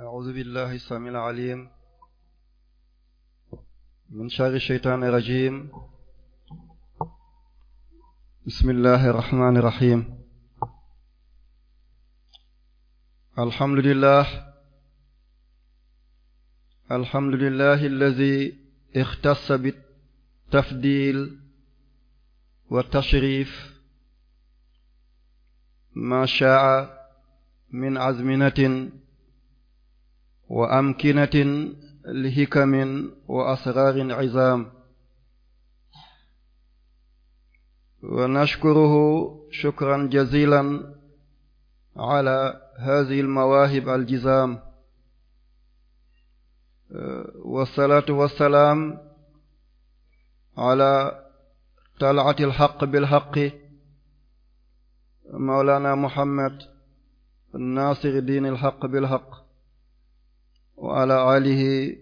أعوذ بالله السميع العليم من شر الشيطان الرجيم بسم الله الرحمن الرحيم الحمد لله الحمد لله الذي اختص بالتفضيل والتشريف ما شاء من عزمنة wa amkinatin lihikamin wa asraarin izaam wa nashkuruhu shukran jazilan ala haadihi almawaahib aljizaam wassalaatu wassalaam ala tal'ati alxaq bilxaqi mawlaana muhammad naasiri diin alxaq bilxaq wa ala alihi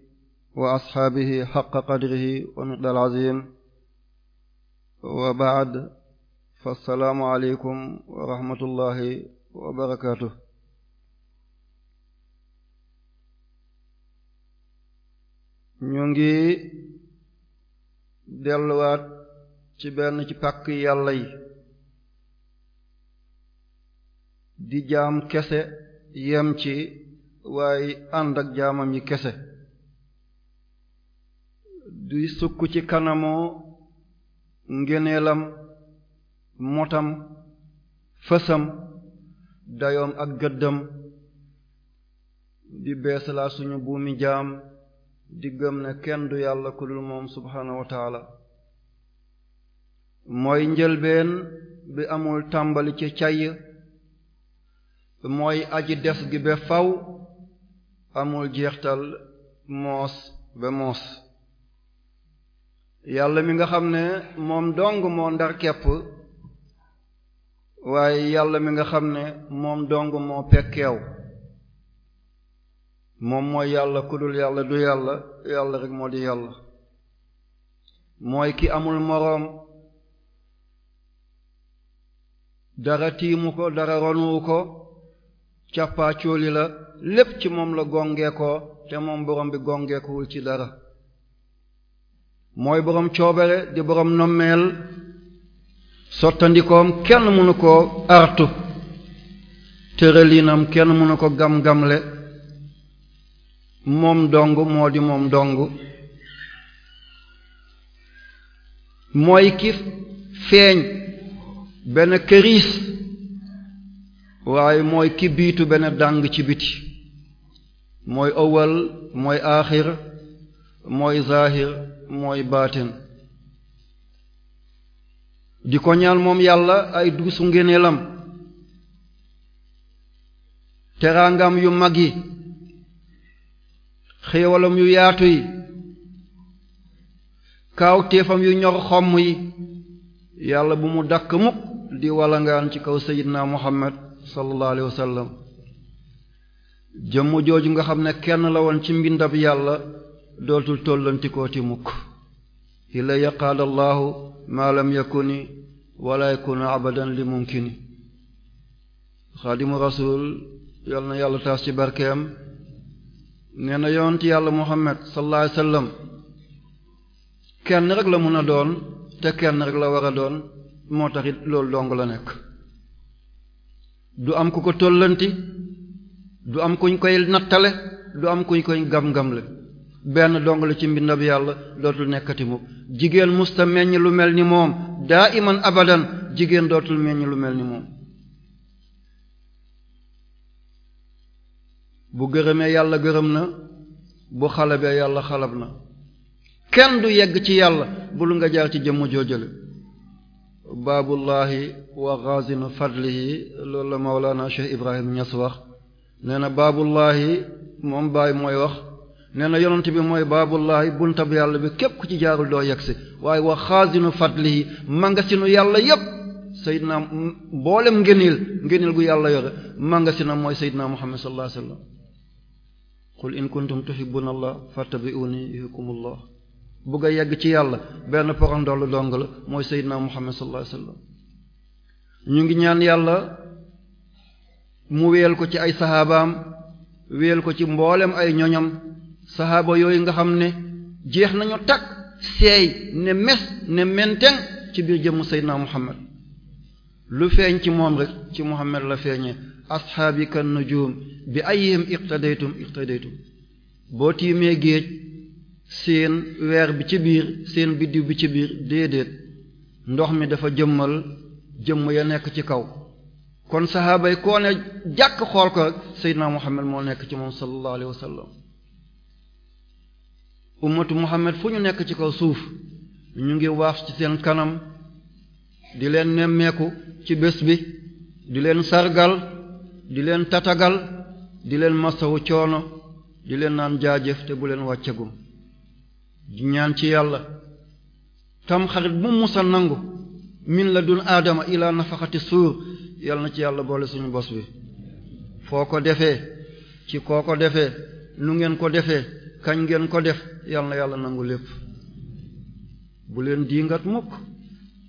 wa asxaabihi xaqa qadrihi wa miqdaal azim wa baad fa assalaamu aleykum wa rahmatullahi wa barakaatu ñu ngi delluwaat ci benn ci pakk yàlla di jaam kese yem ci waaye ànd ak jaamam yi kese di sukk ci kanamoo ngeneelam motam fësam dayoom ak gëddam di beesalaa suñu buumi jaam di gëm ne kenn du yàlla ku dul moom subhaanahu wa taala mooy njëlbeen bi amul tàmbali ci cay mooy aji des gi be faw amul jeextal moos ba moos yàlla mi nga xam ne moom dong moo ndar kepp waaye yàlla mi nga xam ne moom dong moo pekkeew moom mooy yàlla ku yàlla du yàlla yàlla rek moo di yàlla mooy ki amul moroom dara tiimu ko dara ronuwu ko càppaa cóoli la lépp ci moom la gongeekoo te moom borom bi gongeekuwul ci dara mooy borom coobare di borom nommeel sottandikoom kenn mënu koo artu tërëlinam kenn mënu ko gam-gamle moom dong moo di moom dong mooy ki feeñ benn këriis waaye mooy ki biitu benn dàng ci biti mooy awal mooy aaxir mooy zaahir mooy baatin di ko ñaan moom yàlla ay duusu ngéneelam teraangam yu mag yi xéewalam yu yaatu yi kaaw téefam yu ñor xomm yi yàlla bu mu dakk mukk di walangaan ci kaw sayyidna muhammad sallallahu alayhi wa jëmm jooju nga xam ne kenn la woon ci mbindab yàlla dootul tollantikoo ti mukk ilaya qaala allahu maa lam yakuni wala yakunu abadan li mumkini xaadimu rasul yal na yàlla taas ci barkeem nee na yonent yàlla muhammad sallallahu alayhi wasallam kenn rek la mun a doon te kenn rek la war a doon moo taxit loolu dong la nekk du am ku ko tollanti du am kuñ koy nattale du am kuñ koy gam benn dong la ci mbindab yàlla dootul nekkati mukk jigéen musta meññ lu mel ni moom daa iman abadan jigéen dootul meññ lu mel ni moom bu gërëmee yàlla gërëm na bu xalabee yàlla xalab na kenn du yegg ci yàlla bu lu nga jaar ci jëmm joojale baabullahi wa ghazin fadlihi loolu la mawlaana Cheikh Ibrahim Niass wax nee na baabullaahi moom baay mooy wax nee na yonent bi mooy baabullaahi buntab yàlla bi képp ku ci jaarul doo si waaye wa xaasinu fadlihi mangasinu yàlla yépp naa mboolem ngéniil ngéniil gu yàlla yore mangasina mooy seydinaa muhammad sallallahu alayhi wasallam qul in kuntum tuhibbuna allah fattabi'uni yuhibbukumullah bëgg a yegg ci yàlla benn porondoll dong la mooy seydinaa muhammad sallallahu alayhi wasallam ñu ngi ñaan yàlla mu wéyal ko ci ay saxaabaam wéyal ko ci mboolem ay ñoñam saxaaba yooyu nga xam ne jeex nañu takk seey ne mes ne menteng ci biir jëmm Seydina Muhammad lu feeñ ci moom rek ci Muhammad la feeñee asxaabi kan nujum bi ayhim iqtadaytum iqtadaytum boo tiimee géej seen weer bi ci biir seen biddiw bi ci biir déedéet ndox mi dafa jëmmal jëmm ya nekk ci kaw kon saxaaba yi koo ne jàkk xool ko rek seydina muhammad moo nekk ci moom sallallahu alayhi wa sallam ummatu muhammad fu ñu nekk ci kaw suuf ñu ngi waaf ci seen kanam di leen nemmeeku ci bés bi di leen sargal di leen tatagal di leen masawu coono di leen naan jaajëf te bu leen wàccegum di ñaan ci yàlla tam xarit bu musa nangu min la dun aadama ila nafaxati suur yal na ci yàlla boole suñu bos bi foo ko defee ci koo ko defee nu ngeen ko defee kañ ngeen ko def yal na yàlla nangu lépp bu leen ngat mukk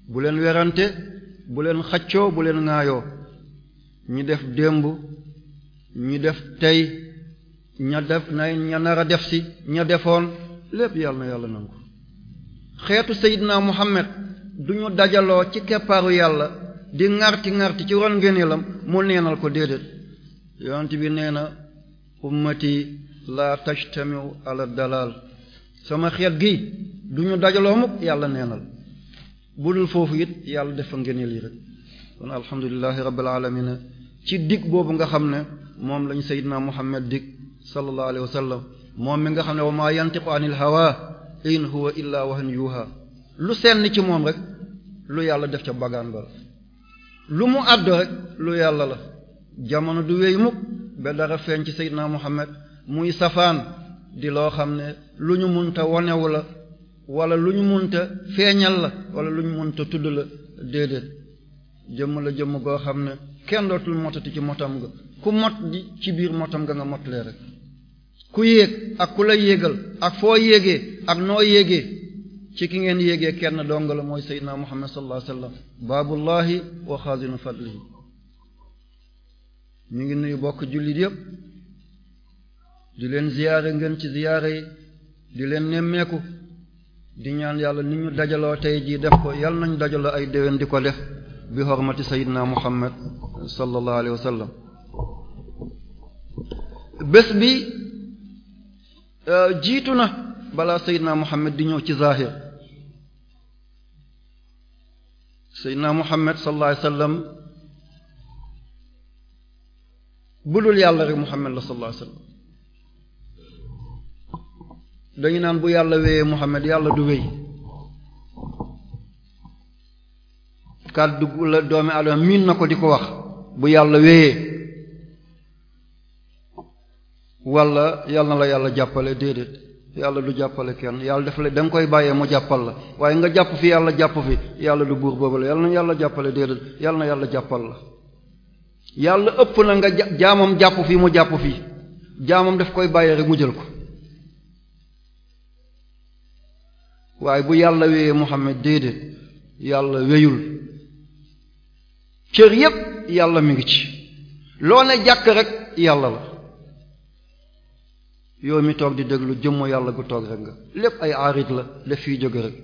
bu leen werante bu leen xaccoo bu leen ŋaayoo ñi def démb ñi def tey ña def nay ña nar a def si ña defoon lépp yàlla na yàlla nangu xeetu Seydina Muhammad duñu dajaloo ci keppaaru yàlla di ŋarti ŋarti ci ron ngëneelam mu neenal ko déedéet yonent bi nee na ummati la tajtamiu ala dalal sama xeet gi du ñu dajaloo mukk yàlla neenal bu dul foofu it yàlla defa ngëneel yi rek kon alhamdulilahi rabbil alamin ci dikk boobu nga xam ne moom lañ sayyidna naa dig sallallahu alayhi wa sallam moom mi nga xam ne wa ma yantiqu anil hawa in huwa illa wahyun yuha lu senn ci moom rek lu yàlla def ca bagaan ba lu mu àdd rek lu yàlla la jamono du wéy mukk ba dara feeñ ci Seydina Muhammad muy safaan di loo xam ne lu ñu munta wonewu la walla lu ñu munta feeñal la wala lu ñu munta tudd la déedéet jëmm la jëmm goo xam ne kenn dootul motati ci motam ga ku mot di ci biir motam ga nga motlee rek ku yéeg ak ku la yéegal ak foo yéegee ak noo yéegee ci ki ngeen yéegee kenn dong la mooy seydina muhammad sallallahu alayhi wasallam baabullahi wa xaazinu fadlihi ñu ngi nuyu bokk jullit yëpp di leen ziyaare ngeen ci ziyaare yi di leen nemmeeku di ñaan yàlla nit ñu dajaloo tey jii def ko yàlla nañu dajaloo ay déwén di ko def bi hormati seydina muhammad sallallahu alayhi wasallam bés bi euh, jiitu na balaa seydina muhammad di ñëw ci zahir seydina muhammad sallallahu alayhi wasallam budul yàlla rek muhammad la sallallahu alayhi dañu naan bu yàlla wéyee muhammad yàlla du wéy kàddu la doomi adama miin na ko di ko wax bu yàlla wéyee walla yàlla na la yàlla jàppale déedéet yàlla du jàppale kenn yàlla def la da nga koy bàyyee mu jàppal la waaye nga jàpp fi yàlla jàpp fi yàlla du buur boobu la yàlla na yàlla jàppale na yàlla jàppal la yàlla ëpp na nga jaamam jàpp fi mu jàpp fi jaamam daf koy bàyyee rek mu jël ko waaye bu yàlla xam Muhammad déedéet yàlla wéyul cër yépp yàlla mu ngi ci loo ne jàkk rek yàlla la yow mi toog di déglu jëmm yàlla gu toog rek nga lépp ay aarit la daf fiy jóge rek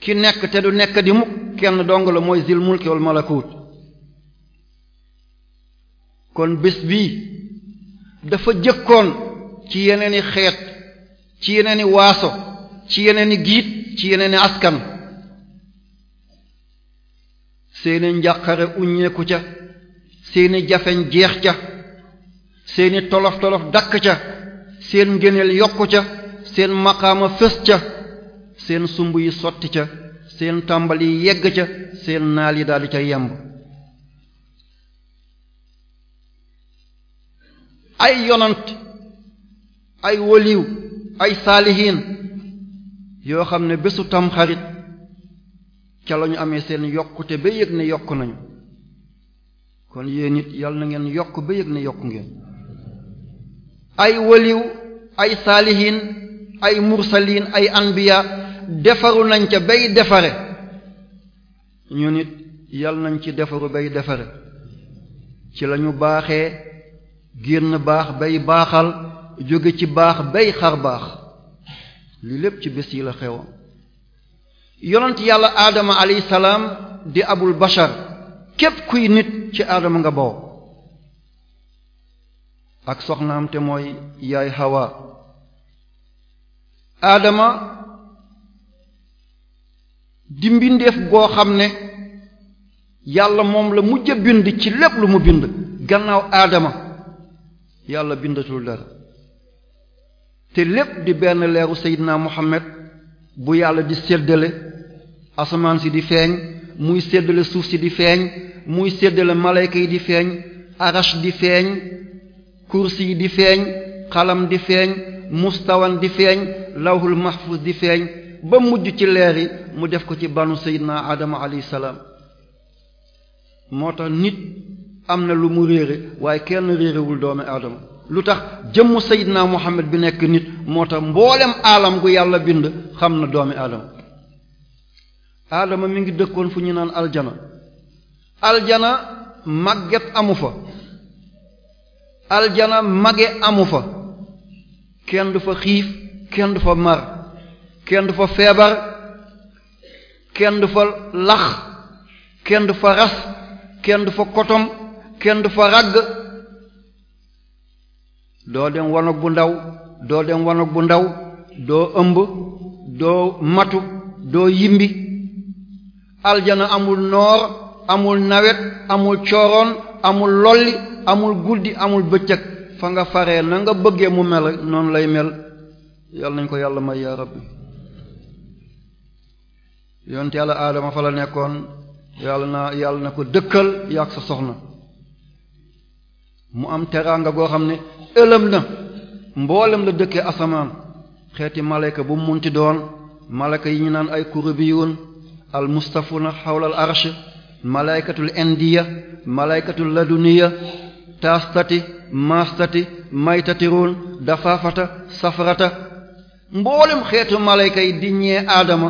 ki nekk te du nekk di mukk kenn dong la mooy zil mulki wal malakut kon bés bi dafa jëkkoon ci yeneeni xeet ci yeneeni waaso ci yeneeni giit ci yeneeni askan seeni njàqare uññeeku ca seeni jafeñ jeex ca seeni tolof tolof dakk ca seen ngëneel yokku ca seen maqaama fés ca seen sumb yi sotti ca seen tàmbal yi yegg ca seen naal yi daldi ca yemb ay yonant ay woliw ay saalihiin yoo xam ne bésu tamxarit ca la ñu amee seen yokkute ba yëg ne yokk nañu kon yéen it yal na ngeen yokk ba yëg ne yokk ngeen ay waliw ay saalihin ay mursaliin ay anbiya defaru nañ ca bay defare ñu nit yal nañ ci defaru bay defare ci lañu baaxee génn baax bay baaxal jóge ci baax bay xar baax li lépp ci bés yi la xewoon yonent yàlla aadama alayhi salaam di abul bashar képp kuy nit ci aadama nga boow ak soxnaam te mooy yaay Hawa Adama di mbindeef goo xam ne yàlla moom la mujj bind ci lépp lu mu bind gannaaw aadama yàlla bindatul dara te lépp di benn leeru Seydina Muhammad bu yàlla di séddale asamaan si di feeñ muy séddale suuf si di feeñ muy séddale malayka yi di feeñ arash di feeñ kursi di feeñ xalam di feeñ mustawan di feeñ lawhul mahfuz di feeñ ba mujj ci leer yi mu def ko ci banu seydina adama alayhi salaam moo tax nit am na lu mu réere waaye kenn réerewul doomi aadama lu tax jëmm seydina muhammad bi nekk nit moo tax mboolem aalam gu yàlla bind xam na doomi aadama aadama mi ngi dëkkoon fu ñu naan aljana aljana màgget amu fa aljana mage amu fa kenn du fa xiif kenn du fa mar kenn du fa feebar kenn du fa lax kenn du fa ras kenn du fa kotom kenn du fa ragg doo dem wanag bu ndaw doo dem wanag bu ndaw doo ëmb doo matu doo yimbi aljana amul noor amul nawet amul cooroon amul lolli amul guddi amul bëccëg fa nga faree na nga bëggee mu mel noonu lay mel yàlla nañ ko yàlla may yaa rabbi yonte yàlla aadama fa la nekkoon yàlla na yàlla na ko dëkkal yàq sa soxna mu am teraanga goo xam ne ëlëm na mboolem la dëkkee asamaan xeeti malayka bu mu munti doon malayka yi ñu naan ay kurubiyun al mustafuna xawla al arsh malaykatul indiya malaykatul laduniya taastati maastati maytatiruun dafaafata safarata mboolem xeetu malayka yi di ñee aadama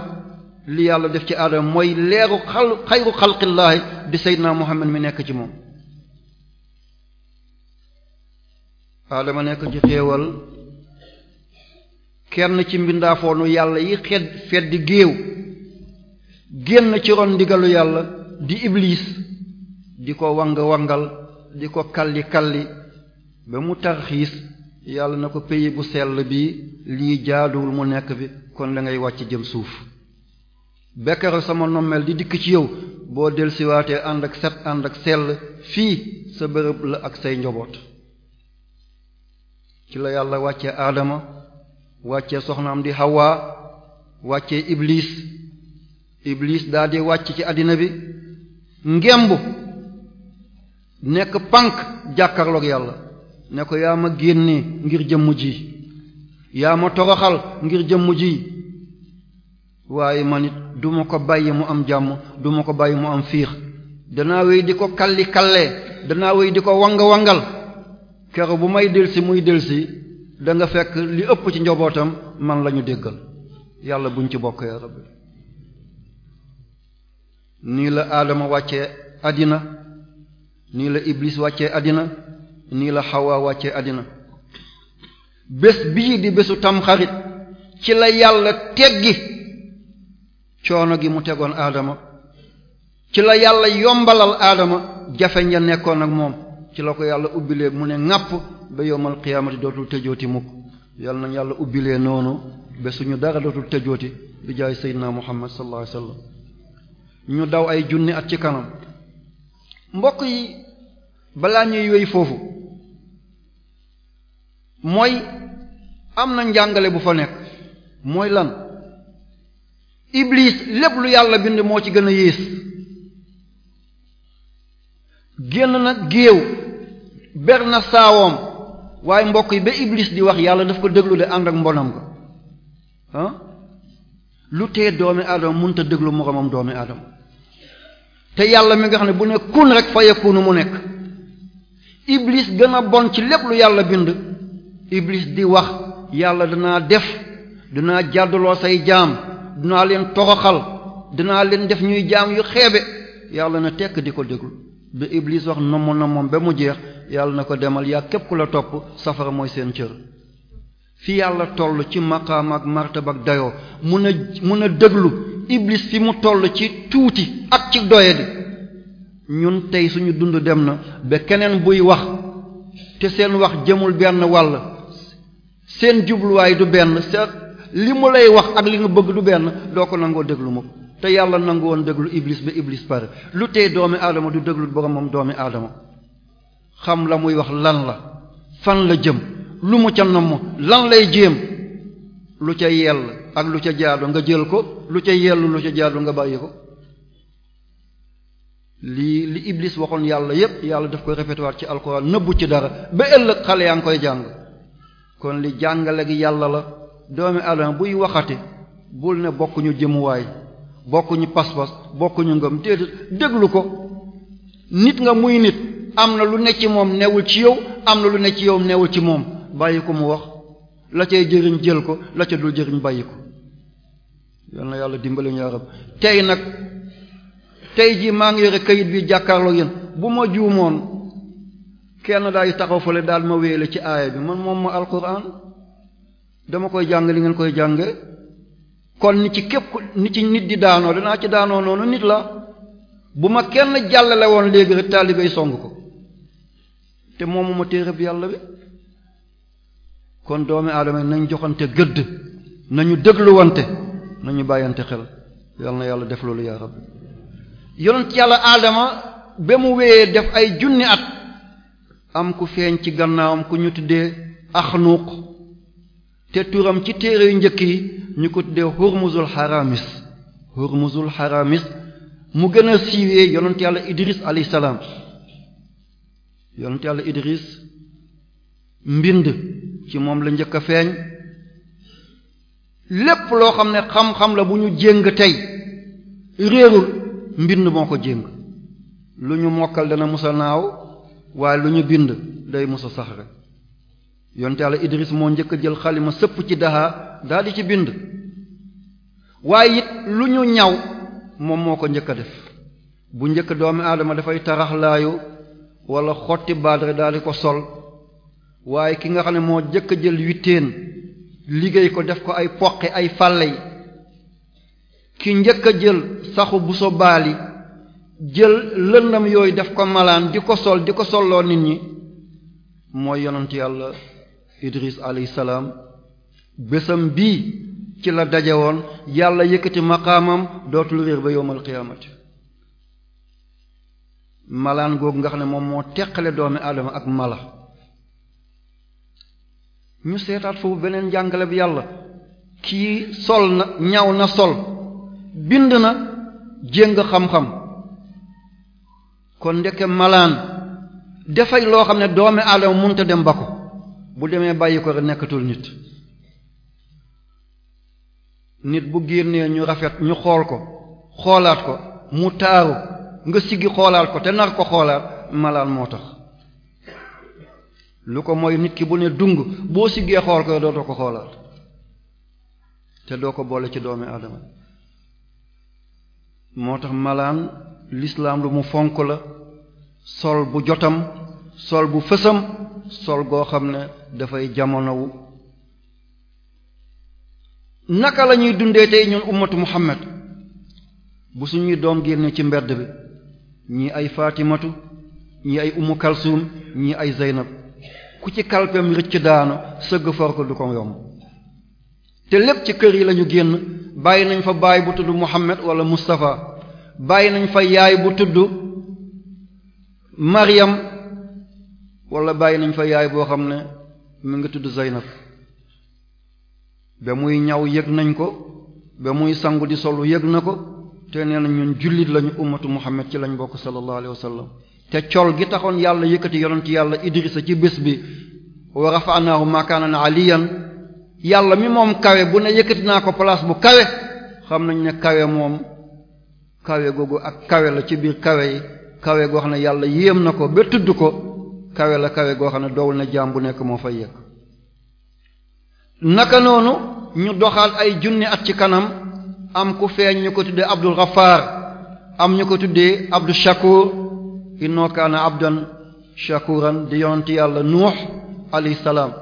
li yàlla def ci aadama mooy leeru xal xayru xalqillaahi di seydinaa muhammad mi nekk ci moom aadama nekk ci xéewal kenn ci mbindaafoonu yàlla yi xed feddi géew génn ci ron ndigalu yàlla di iblis di ko wang wangal di ko kalli kalli ba mu tarxiis yàlla na ko pays bu sell bi lii jaaduwul mu nekk bi kon da wàcc jëm suuf bekkaro sama nommel di dikk ci yow boo delsiwaatee ànd ak set ànd ak sell fii sa bërëb la ak say njaboot ci la yàlla wàccee aadama wàcce soxnaam di hawa wàcce iblis iblis daa wàcc ci àddina bi ngemb nekk pànk jàkkarloog yàlla ne ko yaa ma génne ngir jëmm ji yaa ma toroxal ngir jëmm ji waaye man it ko bàyyi mu am jàmm duma ko bàyyi mu am fiix danaa wéy di ko kalli kallee danaa wéy di ko wanga wangal kero bu may delsi muy delsi da nga fekk li ëpp ci njabootam man lañu déggal yàlla buñ ci bokk ya rabbi nii la aadama wàcce àddina nii la Iblis wàccee àddina nii la Hawa wàcce àddina bés bii di bésu tamxarit ci la yàlla teggi coono gi mu tegoon aadama ci la yàlla yombalal aadama jafe ya nekkoon ak moom ci la ko yàlla ubbilee mu ne ŋàpp ba yowmal qiyaamati dootul tëjooti mukk yàlla nañ yàlla ubbilee noonu ba ñu dara dootul tëjooti bi jaay seydinaa muhammad sallallahu alayhi wasallam ñu daw ay junni at ci kanam mbokk yi balaa ñuy wéy foofu mooy am na njàngale bu fa nekk mooy lan iblis lépp lu yàlla bind moo ci gën a yées génn na géew ber na saawoom waaye mbokk yi ba iblis di wax yàlla daf ko déglu de ànd ak mbonam ko ah lu tee doomi aadama mënut a déglu moroomam doomi aadama te yàlla mi nga xam ne bu ne kun rek fa yakunu mu nekk iblis gën a bon ci lépp lu yàlla bind iblis di wax yàlla danaa def danaa jàdduloo say jaam dinaa leen toroxal dinaa leen def ñuy jaam yu xeebe yàlla na tekk di ko déglu ba iblis wax nomm na moom ba mu jeex yàlla na ko demal yaa képp ku la topp safara mooy seen cër fi yàlla toll ci maqaam ak martab ak dayoo mun a mun a déglu iblis fi mu toll ci tuuti ak ci doyadi ñun tey suñu dund dem na ba keneen buy wax te seen wax jëmul benn wàll seen jubluwaay du benn sa li mu lay wax ak li nga bëgg du benn doo ko nangoo déglu ma te yàlla nangu woon déglu iblis ba iblis pare lu tey doomi aadama du déglu boromam doomi aadama xam la muy wax lan la fan la jëm lu mu ca namm lan lay jéem lu ca yell ak lu ca jaadu nga jël ko lu ca yellu lu ca jaadu nga bàyyi ko lii li Iblis waxoon yàlla yépp yàlla daf koy répété waat ci alquran nëbbu ci dara ba ëllëg xale yaa ngi koy jàng kon li jàngale gi yàlla la doomi adama buy waxati bul ne bokkuñu jëmuwaay bokkuñu pas-pas bokkuñu ngëm te déglu ko nit nga muy nit am na lu ne ci moom newul ci yow am na lu ne ci yow newul ci moom bàyyi ko mu wax la cay jëriñ jël ko la ca dul jëriñ bàyyi ko yal na yàlla dimbali ñu yarab tey nag tey jii maa ngi yore kayit bi jàkkaarloo yéen bu ma juumoon kenn daay taxaw fale daal ma wéele ci aaya bi man moom ma alquran dama koy jàng li ngeen koy jànge kon nit ci képp ni ci nit di daanoo danaa ci daanoo noonu nit la bu ma kenn jàllale woon léegi rek taalibey song ko te moomu ma téere bi yàlla bi kon doomi aadama nañ joxante gëdd nañu dégluwante nañu bàyyante xel yal na yàlla def loolu yaa rabbi yonent yàlla aadama ba mu wéyee def ay junni at am ku feeñ ci gannaawam ku ñu tuddee axnuuq te turam ci téere yu njëkk yi ñu ko tuddee hurmuzul haramis hurmuzul haramis mu gën a siiwee yonent yàlla idris alayhi salaam yonent yàlla idris mbind ci moom la njëkk a feeñ lépp loo xam ne xam-xam la bu ñu jéng tey réerul mbind moo ko jéng lu ñu mokkal dana mosa naaw waaye lu ñu bind day mosa sax rek yonte yàlla Idris moo njëkk a jël xalima sëpp ci daha daal di ci bind waaye it lu ñu ñaw moom moo ko njëkk a def bu njëkk doomi aadama dafay taraxlaayu walla xotti baadre daal di ko sol waaye ki nga xam ne moo njëkk a jël witteen liggéey ko def ko ay poqe ay fàlle yi ki njëkk a jël saxu bu jël lëndam yooyu def ko malaan di ko sol di ko solloo nit ñi mooy yonent yàlla Idris alayhi salaam bésam bii ci la daje woon yàlla yëkkati maqaamam dootul réer ba yowmal qiyaamati malaan googu nga xam ne moom moo teqale doomi aadama ak mala ñu seetaat foofu beneen jàngale bi yàlla kii sol na ñaw na sol bind na jéng xam-xam kon ndeke malaan dafay loo xam ne doomi aadama munta dem ba ko bu demee bàyyi ko rek nekkatul nit nit bu génnee ñu rafet ñu xool ko xoolaat ko mu taaru nga siggi xoolaat ko te nar ko xoolaat malaan moo tax lu ko moy nit ki bu ne dung boo siggee xool ko dootoo ko xoolaat te doo ko boole ci doomi aadama moo tax malaan lislaam lu mu fonk la sol bu jotam sol bu fësam sol goo xam ne dafay jamonowu naka la ñuy dundee tey ñun ummatu muhammad bu suñuy doom génne ci mbedd bi ñii ay fatimatu ñii ay ummu kalsuum ñii ay zeynab ku ci kalpem rëcc daanu sëgg forko du ko yomb te lépp ci kër yi lañu génn bàyyi nañ fa bàyyi bu tudd Muhammad wala Mustafa bàyyi nañ fa yaay bu tudd Maryam wala bàyyi nañ fa yaay boo xam ne mu ngi tudd Zaynab ba muy ñaw yëg nañ ko ba muy sangu di solu yëg na ko te nee na ñun jullit lañu ummatu Muhammad ci lañ bokk sallallahu alayhi wa te col gi taxoon yàlla yëkkati yonent yàlla Idrisa ci bés bi wa rafanaahu makaanan aliyan yàlla mi moom kawe bu ne yëkkati naa ko place bu kawe xam nañ ne kawe moom kawe googu ak kawe la ci biir kawe yi kawe goo xam ne yàlla yéem na ko ba tudd ko kawe la kawe goo xam ne doowul ne jaam bu nekk moo fay yëg naka noonu ñu doxaat ay junni at ci kanam am ku feeñ ñu ko tuddee Abdul Ghaffar am ñu ko tuddee Abdul Shakur innoo kaana abdan shakuran di yonent yàlla nuux alayhi salaam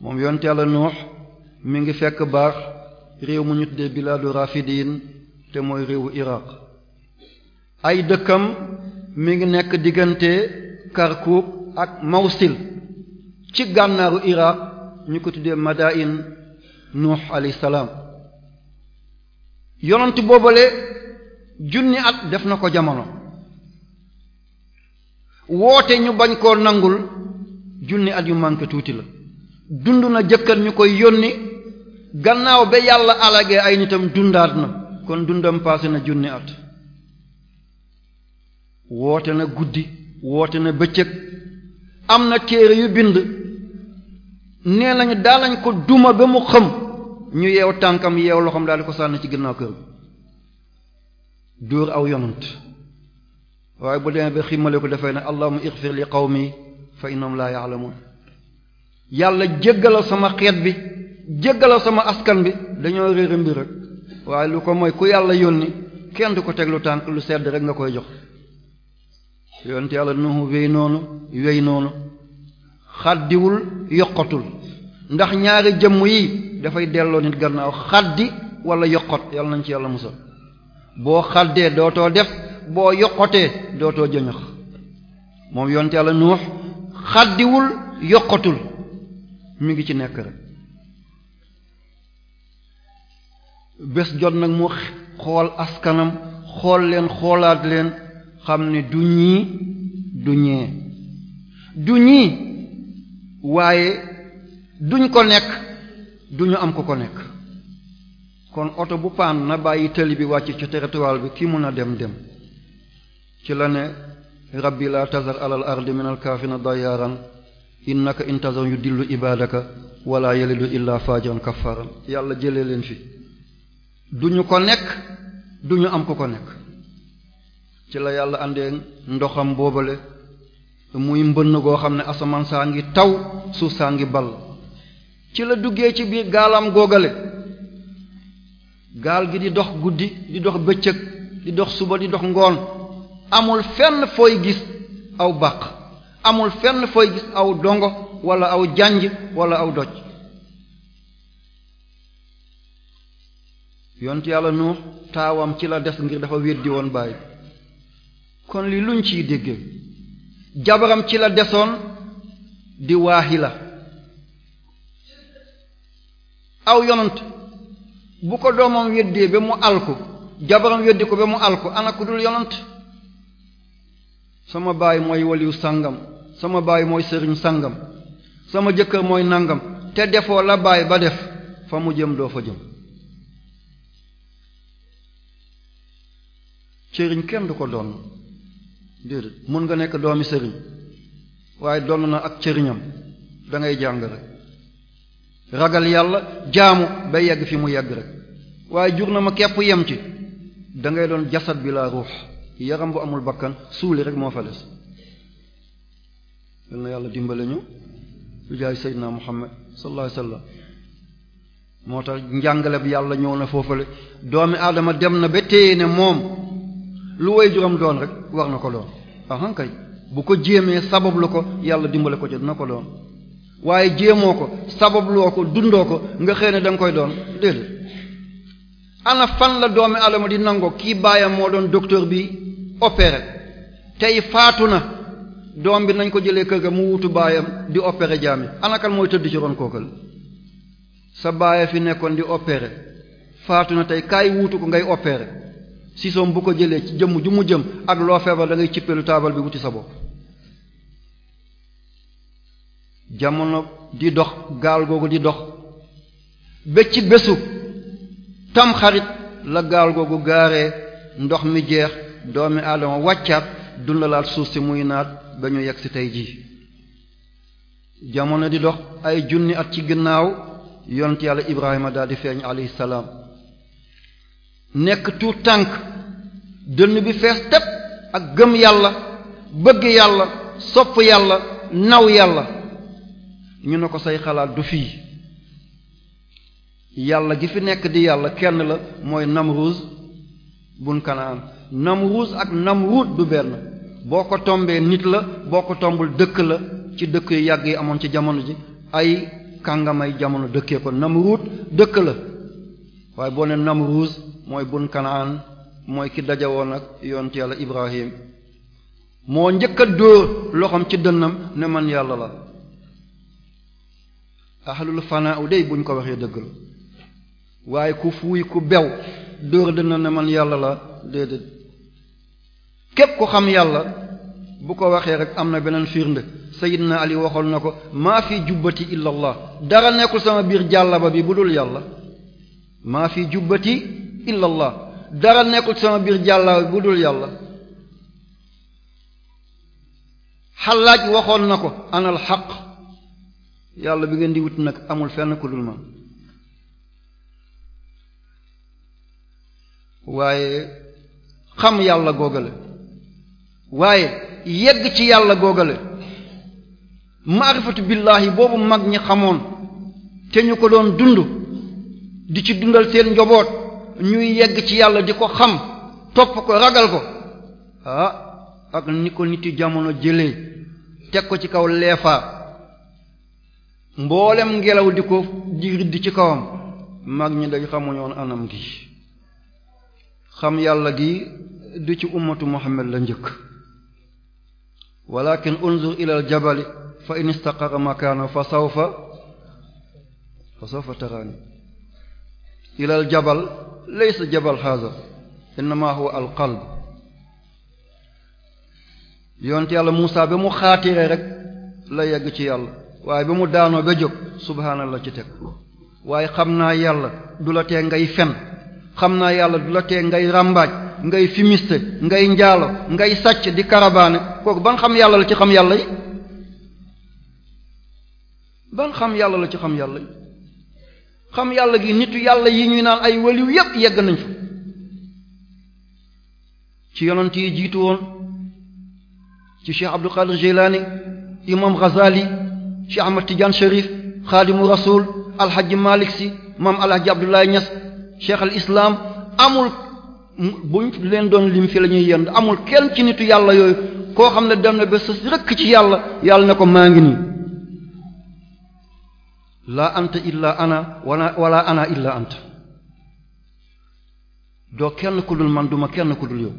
moom yonent yàlla nuux mi ngi fekk baax réew mu ñu tuddee bilaadu rafidiin te mooy réewu iraq ay dëkkam mi ngi nekk diggante Karkuk ak Mawsil ci gànnaaru iraq ñu ko tuddee Madain nuux alayhi salaam yonent boobale junni at def na ko jamono woote ñu bañ koo nangul junni at yu manqué tuuti la dund na jëkkat ñu koy yónni gannaaw ba yàlla alagee ay nitam dundaat na kon dundam passé na junni at woote na guddi woote na bëccëg am na téere yu bind nee nañu daal lañ ko duma ba mu xam ñu yeew tànkam yeew loxoom daal di ko sànni ci ginnaaw kër gi dóor aw yonant waaye bu demee ba ximmale ko dafay ne allahumma ighfir lii qawmi fa innahum laa ya'lamun yàlla jéggalal sama xeet bi jéggalal sama askan bi dañoo réere mbir rek waaye lu ko mooy ku yàlla yónni kenn du ko teg lu tànk lu sedd rek nga koy jox yonte yàlla nuhu wéy noonu wéy noonu xaddiwul yoqatul ndax ñaari jëmm yi dafay delloo nit gannaaw xàddi wala yoqot yàlla nañ ci yàlla musal boo xaddee dootoo def boo yokkotee dootoo jëñax moom yonte yàlla nuux xàddiwul yokkotul mu ngi ci nekk rek bés jot nag mu xool askanam xool leen xoolaat leen xam ne du ñii du ñee du ñii waaye duñ ko nekk duñu am ko ko nekk kon oto bu paan na bàyyi tëli bi wàcc ci territoire bi ki mun a dem dem ci la ne rabbi laa tazar alal ardi min alkaafina dayyaaran innaka intazar yu dillu ibaadaka wala yalidu illaa faajiran kaffaaran yàlla jëlee leen fi du ko nekk duñu am ko ko nekk ci la yàlla àndee ndoxam boobale muy mbënn goo xam ne asamaan saa ngi taw suuf saa ngi ball ci la duggee ci biir gaalam googale gaal gi di dox guddi di dox bëccëg di dox suba di dox ngoon amul fenn fooy gis aw bàq amul fenn fooy gis aw dongo wala aw janj wala aw doj yont yàlla nuux taawam ci la des ngir dafa weddi woon baay kon li luñ ciy dégge jabaram ci la desoon di waaxi la aw yonant bu ko doomam weddee ba mu alku jabaram weddi ko ba mu alku ana ku dul yonant sama baay mooy waliyu sàngam sama baay mooy sëriñ sàngam sama jëkkër mooy nangam te defoo la baay ba def fa mu jëm doo fa jëm sëriñ kenn du ko doon déedéet mun nga nekk doomi sëriñ waaye donn na ak cëriñam dangay jàng rek ragal yàlla jaamu ba yegg fi mu yegg rek waaye jur na ma képp yem ci dangay doon jasad bi la ruux yaram bu amul bakkan suuli rek moo fa des yal na yàlla dimbale ñu lu jaay na muhammad sallallahu alayhi wasallam moo tax njàngale bi yàlla ñëw na foofale doomi aadama dem na ba téye ne moom lu way juram doon rek war na ko doon ahan kay bu ko jéemee sabablu ko yàlla dimbale ko ci dina ko doon waaye jéemoo ko sababloo ko dundoo ko nga xëy ne danga koy doon déedéet ana fan la doomi adama di nangoo kii baayam moo doon docteur bi opéré tey faatu na doom bi nañ ko jëlee kër ga mu wutu baayam di opéré jaami ana kan mooy tëdd ci ron kookal sa baaya fi nekkoon di opéré faatu na tey kaay wuutu ko ngay opéré si soom bu ko jëlee ci jëmm ju mu jëm ak loo feebar da ngay cippeelu taabal bi wuti sa bopp jamono di dox gaal googu di dox ba ci bésu tamxarit la gaal googu gaaree ndox mi jeex doomi aadama wàccaat dundalaat suuf si muy naat ba ñu yegg si tey jii jamono di dox ay junni at ci ginnaaw yonent yàlla Ibrahima daal di feeñ alayhi salaam nekk tuut tànk dënn bi fees tepp ak gëm yàlla bëgg yàlla sopp yàlla naw yàlla ñu ne ko say xalaat du fii yàlla gi fi nekk di yàlla kenn la mooy namruz bun kanaan namruz ak namrud du benn boo ko tombee nit la boo ko tombul dëkk la ci dëkk yu yàgg yi amoon ci jamono ji ay kàngamay jamono dëkkee ko namrud dëkk la waaye boo ne namruz mooy bun kanaan mooy kii dajawoon ak yonent yàlla ibrahim moo njëkk a dóor loxoom ci dënnam ne man yàlla la ahlul fanaa u dey buñ ko waxee dëgg la waaye ku fuuy ku bew dóor dina ne man yàlla la déedéet képp ku xam yàlla bu ko waxee rek am na beneen firnde Sayyidina Ali waxoon na ko maa fi jubbati illa allah dara nekkul sama biir jàllaba bi bu dul yàlla maa fi jubbati illa allah dara nekkul sama biir jàllaba bi bu dul yàlla xallaaj waxoon na ko anal xaq yàlla bi ngeen di wut nag amul fenn ku dul man waaye xam yàlla googale waaye yegg ci yàlla googale maarifatu billaahi boobu mag ñi xamoon te ñu ko doon dund di ci dundal seen njoboot ñuy yegg ci yàlla di ko xam topp ko ragal ko ah ak ni ko niti jamono jële teg ko ci kaw leefaa mboolem ngelaw di ko di ridd ci kawam mag ñi dañ xamuñoon anam gi xam yàlla gi du ci ummatu muhammad la njëkk walakin unzur ila al fa in istaqara makaana fa sawfa fa taraani ila jabal laysa jabal haza innama huwa al qalb yonte yàlla Muusa ba mu xaatiree rek la yegg ci yàlla waaye ba mu daanoo ba jóg subhaanallah ci teg waaye xam naa yàlla du la tee ngay fen xam naa yàlla du la tee ngay ràmbaaj ngay fumiste ngay njaalo ngay sàcc di karabaane kooku ban xam yàlla la ci xam yàlla yi ban xam yàlla la ci xam yàlla yi xam yàlla gi yàlla yi ñuy naan ay waliw yépp yegg nañ fa ci yonent yi jiitu woon ci Cheikh Abdul Qadir Jilani imam Ghazali Cheikh Ahmad Tidiane Cherif xaadimu rasul alhaji Malick si maam alhaji Abdoulaye Niass cheikh islaam amul buñ leen doon lim fi la ñuy yend amul kenn ci nitu yàlla yooyu koo xam ne dem na ba sës rëkk ci yàlla yàlla ne ko maa ngi nii laa anta illa ana wala wala ana illa anta doo kenn ku dul man duma kenn ku dul yow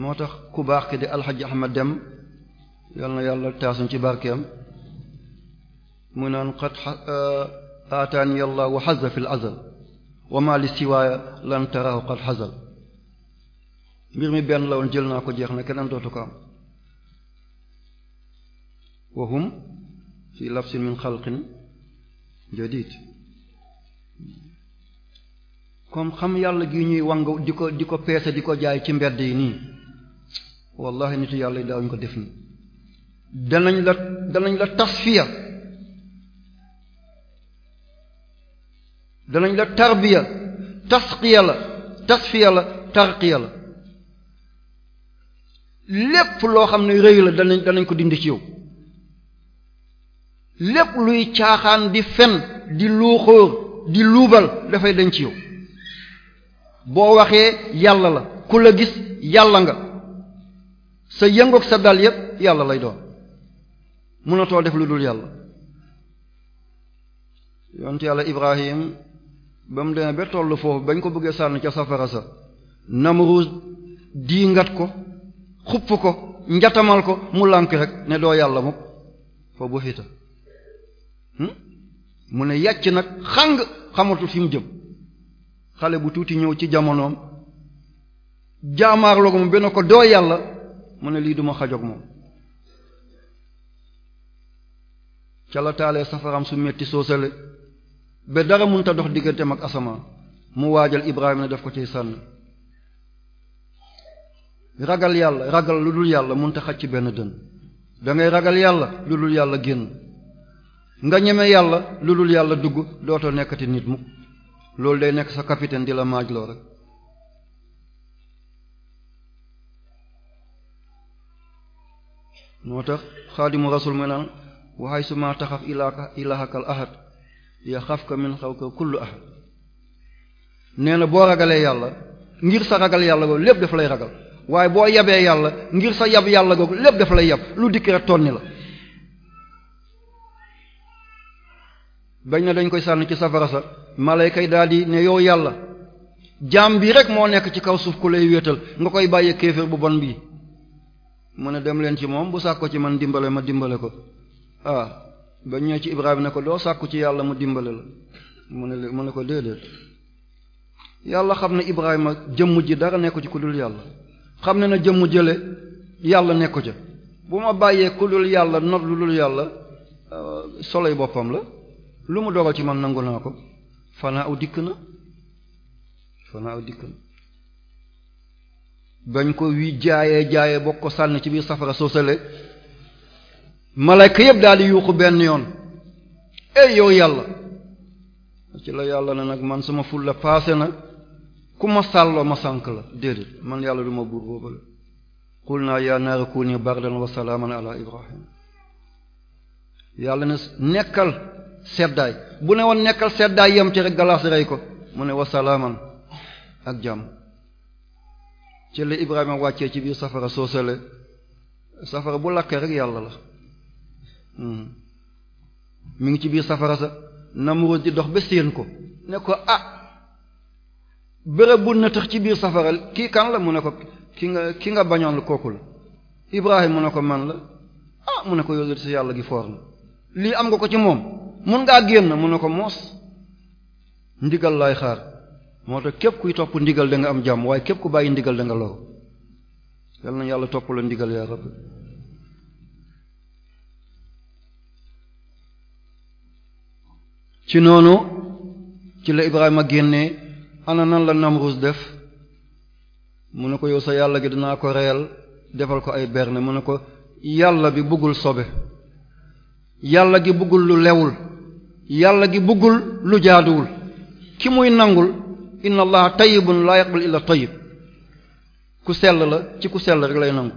moo tax ku baax ki di alxaji ahmad dem yal na yàlla taasuñ ci barkeem mu naan qad euh, aataani allahu xaza fi l azal wa ma li siwaaya lan taraahu qad xazal mbir mi benn la woon jël naa ko jeex na keneen dootu ko am wa hum fi labsin min xalqin jadid comme xam yàlla gi ñuy wanga di ko di ko peese di ko jaay ci mbedd yi nii wallahi nitu yàlla yi daawuñu ko def nii nañ la danañ la tasfiya danañ la tarbiya tasqiya la tasfiya la tarqiya la lépp loo xam ne rëy la danañ danañ ko dindi ci yow lépp luy caaxaan di fen di luuxóor di luubal dafay deñ ci yow boo waxee yàlla la ku la gis yàlla nga sa yëngoog sa dal yépp yàlla lay doon mënatoo def lu dul yàlla yonent yàlla Ibrahim ba mu demee ba tollu foofu bañ ko bëggee sànni ca safara sa Namruud diingat ko xupp ko njatamal ko mu lànk rek ne doo yàlla mukk fa bu xita hmm? mu ne yàcc nag xàng xamatu fi mu jëm xale bu tuuti ñëw ci jamonoom jaamaarloo ko mu benn ko doo yàlla mu ne lii duma xajoog moom ca la taalee safaram su metti soosale ba dara mënta dox digganteem ak asamaan mu waajal Ibrahima ne def ko ciy sànni ragal yàlla ragal lu dul yàlla mënta xaj ci benn dën dangay ragal yàlla lu dul yàlla génn nga ñeme yàlla lu dul yàlla dugg dootoo nekkati nit mu loolu day nekk sa capitaine di la maaj loo rek moo tax xaadimu rasul mu naan waxay suma taxaf ilaaka ilaahakal ahad yaxafka min xawka kullu ahad nee na boo ragalee yàlla ngir sa ragal yàlla googu lépp daf lay ragal waaye boo yabee yàlla ngir sa yab yàlla googu lépp daf lay yab lu dikk rek ni la bañ na dañ koy sànni ci safara sa malayka kay daal ne yow yàlla jaam bii rek moo nekk ci kaw suuf ku lay wéetal nga koy bàyyee kéeféer bu bon bii mu ne dem leen ci moom bu sàkk ko ci man dimbale ma dimbale ko ah. ba ñëwee ci Ibrahima ne ko loo sàkku ci yàlla mu dimbale la mu ne mu ne ko déedéet yàlla xam ne Ibrahima jëmm ji dara nekku ci ku dul yàlla xam ne na jëmm jële yàlla nekku ca bu ma bàyyee ku dul yàlla not lu dul yàlla euh, soloy boppam la lu mu dogal ci man nangu naa ko fanaa aw dikk na fanaa aw dikk na bañ ko wi jaayee jaayee bokk ko sànni ci biir safara soo sale malayka yëpp daal di yuuxu benn yoon ey yow yàlla ci la yàlla ne nag man sama ful la paase na ku ma sàlloo ma sànk la déedéet man yàlla du ma buur boobale qul naa yaa naara kuuni bardan wa salaaman ala ibrahim yàlla ne nekkal seddaay bu ne woon nekkal seddaay yem cere rek rey ko mu ne wa salaaman ak jàmm ci la ibrahima wàccee ci biir safara soosale safara bu lakkee rek yàlla la mu mm-hmm. ngi ci biir safara sa Namrud di dox ba séen ko ne ko ah bërëb bu nëtëx ci biir safara kii kan la mu ne ko ki nga ki nga bañoon la kooku la Ibrahim mu ne ko man la ah mu ne ko yooyu si yàlla gi foor na lii am nga ko ci moom mun ngaa génn mu ne ko moos ndigal laay xaar moo tax képp kuy topp ndigal da nga am jàmm waaye képp ku bàyyi ndigal da nga loru yal na yàlla topp la ndigal yaa rabbi ci noonu ci la Ibrahima génnee ana nan la Namrus def mu ne ko yow sa yàlla gi dinaa ko reyal defal ko ay berne mu ne ko yàlla bi bëggul sobe yàlla gi bëggul lu lewul yàlla gi bëggul lu jaaduwul ki muy nangul inna allaha tayyibun la yaqbal illa tayyib ku sell la ci ku sell rek lay nangu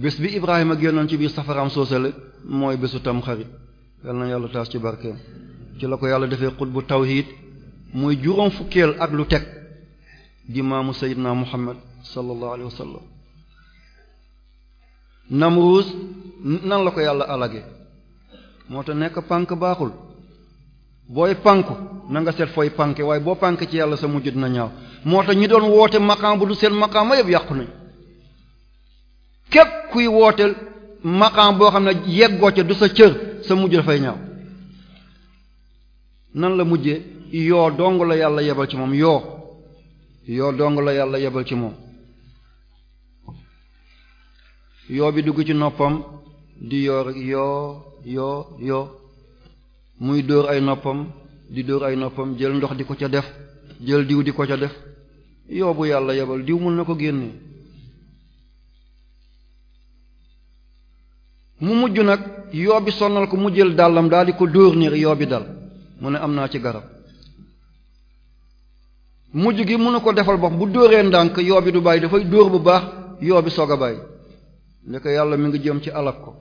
bés bi Ibrahima génnoon ci biir safaraam soosale mooy bésu tamxarit yal na yàlla taas ci barkeem ci la ko yàlla defee xutbu tawhid muy juróom fukkeel ak lu teg di maamu Seydina Muhammad sallallahu alayhi wa sallam nan la ko yàlla alage moo tax nekk pànk baaxul booy pànku na nga seet fooy pànke waaye boo pànke ci yàlla sa mujj na ñaaw moo tax ñi doon woote maqaam bu du seen maqaam ma yëpp yàqu nañ képp kuy wooteel maqaam boo xam ne yeggoo ca du sa cër sa mujj dafay ñaaw nan la mujje yoo dong la yàlla yebal ci moom yoo yoo dong la yàlla yebal ci moom yoo bi dugg ci noppam di yoo rek yoo yoo yoo muy dóor ay noppam di dóor ay noppam jël ndox di ko ca def jël diw di ko ca def yoo bu yàlla yebal diw mën na ko génne mu mujj nag yoo bi sonnal ko mu jël dàllam daal di ko dóor niir yoo bi dal mu ne am naa ci garab mujj gi mënu ko defal bopp bu dóoree ndànk yoo bi du bàyyi dafay dóor bu baax yoo bi soog a bàyyi ne ko yàlla mi ngi jëm ci alak ko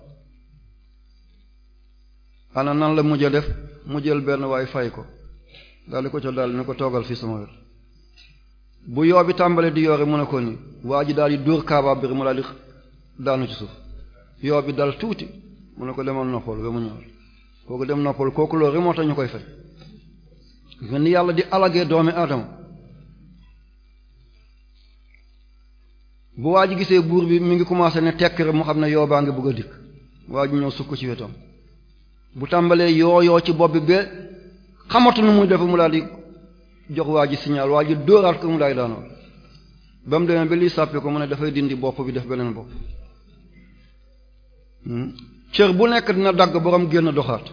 ana nan la mujj a def mu jël benn waay fay ko daal di ko co daal ne ko toogal fii sama wet bu yoo bi tàmbalee di yoore mu ne ko nii waa ji daal di dóor kaaba bi mu daal di daanu ci suuf yoo bi dal tuuti mu ne ko demal noppal ba mu ñëwal kooku dem noppal kooku loolu rek moo ñu koy fay mel ni yàlla di alagee doomi aadama bu waa ji gisee buur bi mi ngi commencé ne tekk rek mu xam ne yoo baa ngi bëgg a dikk waa ji sukk ci wetam bu tàmbalee yooyoo ci bopp bi ba xamatu nu muy def mu daal di jox waa ji signal waa ji dóoraat ko mu daal di daanoo ba mu demee ba liy sàppee ko mu ne dafay dindi bopp bi def beneen bopp cër bu nekk dina dagg boroom génn doxaat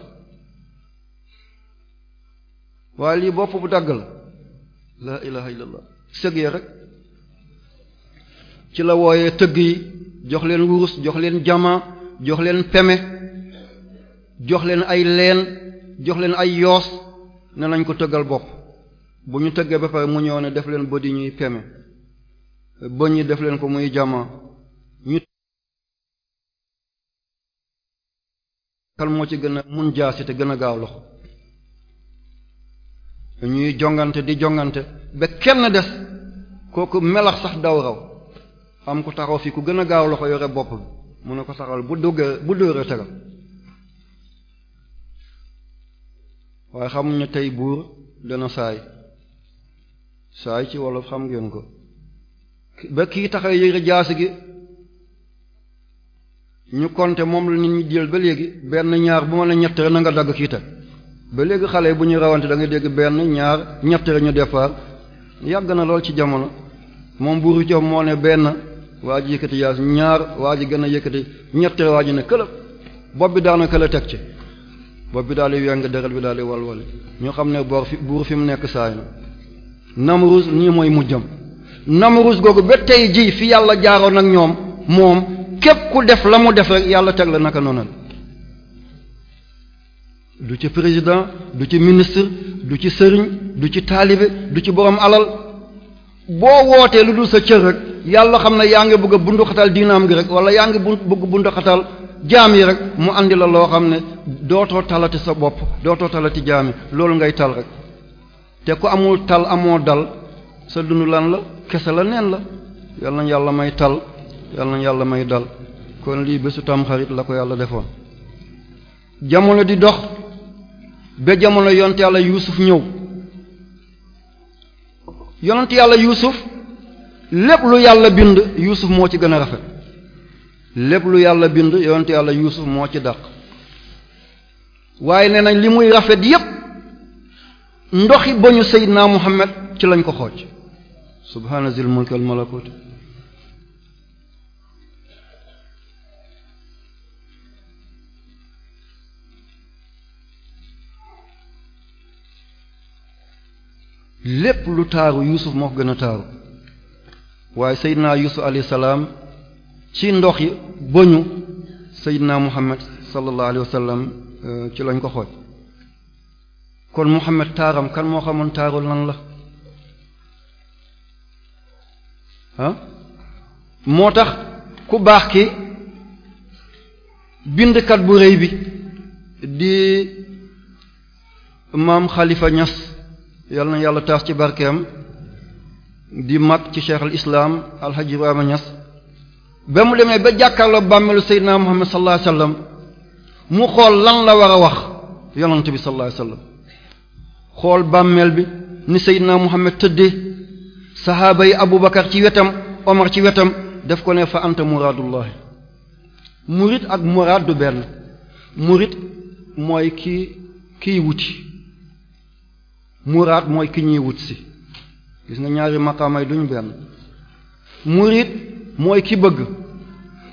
waaye lii bopp bu dagg la laa ilaha illallah sëg ya rek ci la wooyee tëgg yi jox leen wurus jox leen jama jox leen peme jox leen ay leen jox leen ay yoos ne nañ ko tëggal bopp bu ñu tëggee ba pare mu ñëw ne def leen bët yi ñuy peme bëñ yi def leen ko muy jama kan moo ci gën a mun jaasi te gën a gaaw loxo ñuy jongante di jongante ba kenn des kooku melax sax daw raw am ku taxaw fi ku gën a gaaw loxo yore bopp bi mu ne ko saxal bu duggee bu dóoree tegal waaye xamuñ ne tey buur dana saay saay ci wolof xam ngeen ko ba kii taxa yëre jaasi gi ñu compter moom la nit ñi jël ba léegi benn ñaar bu ma la ñett na nga dagg kiita ba léegi xale bu ñu rawante da nga dégg benn ñaar ñett ñu départ yàgg na lool ci jamono moom buuru coof moo ne benn waa ji yëkkati yaas ñaar waa ji gën a yëkkati ñett waa ji ne këla bopp bi daana këla teg ci bopp bi daal di weng deret bi daal di walwali ñu xam ne boor fi buur fi mu nekk saay na Namrus mooy mujjam Namrus googu ba tey ji fi yàlla jaaroon ak ñoom moom képp ku def la mu def rek yàlla teg la naka noonu du ci président du ci ministre du ci sëriñ du ci taalibe du ci borom alal boo wootee lu dul sa cër rek yàlla xam ne yaa ngi bëgg a bunduxatal diinaam gi rek wala yaa ngi bëgg bunduxatal jaam yi rek mu andi la loo xam ne dootoo talati sa bopp dootoo talati jaam yi loolu ngay tal rek te ku amul tal amoo dal sa dund lan la kese la neen la yàlla yàlla may tal yàlla nañ yàlla may dal kon lii bésu tamxarit la ko yàlla defoon jamono di dox ba jamono yonent yàlla yuusuf ñëw yonent yàlla yuusuf lépp lu yàlla bind yuusuf moo ci gën a rafet lépp lu yàlla bind yonent yàlla yuusuf moo ci dàq waaye nee nañ li muy rafet yépp ndoxi ba ñu seydinaa muhammad ci lañ ko xooj subhaana zil mulki wal malakuti lépp lu taaru yuusuf moo ko gën a taaru waaye seydinaa yuusuf alayhi salaam ci ndox yi bëñu seydinaa muhammad sallallahu alayhi wa sallam euh, ci lañ ko xooj kon muhammad taaram kan moo xamoon taaru lan la moo tax ku baax ki bindkat bu réy bi di maam xalifa ñas yal na yàlla taas ci barkeem di mag ci cheikh al islam alhaji Ibrahima Niass ba mu demee ba jàkkaarloo bàmmeelu seydina Muhammad sallallahu alayhi mu xool lan la war a wax yonent bi sallallahu alayhi wasallam xool bàmmeel bi ni seydina Muhammad tëddee sahaaba yi Abubakar ci wetam Omar ci wetam def ko ne fa ant muraadullahi murid ak muraad du benn murid mooy kii kiy wuti muraad mooy ki ñuy wut si gis nga ñaari maqaamay duñu benn murid mooy ki bëgg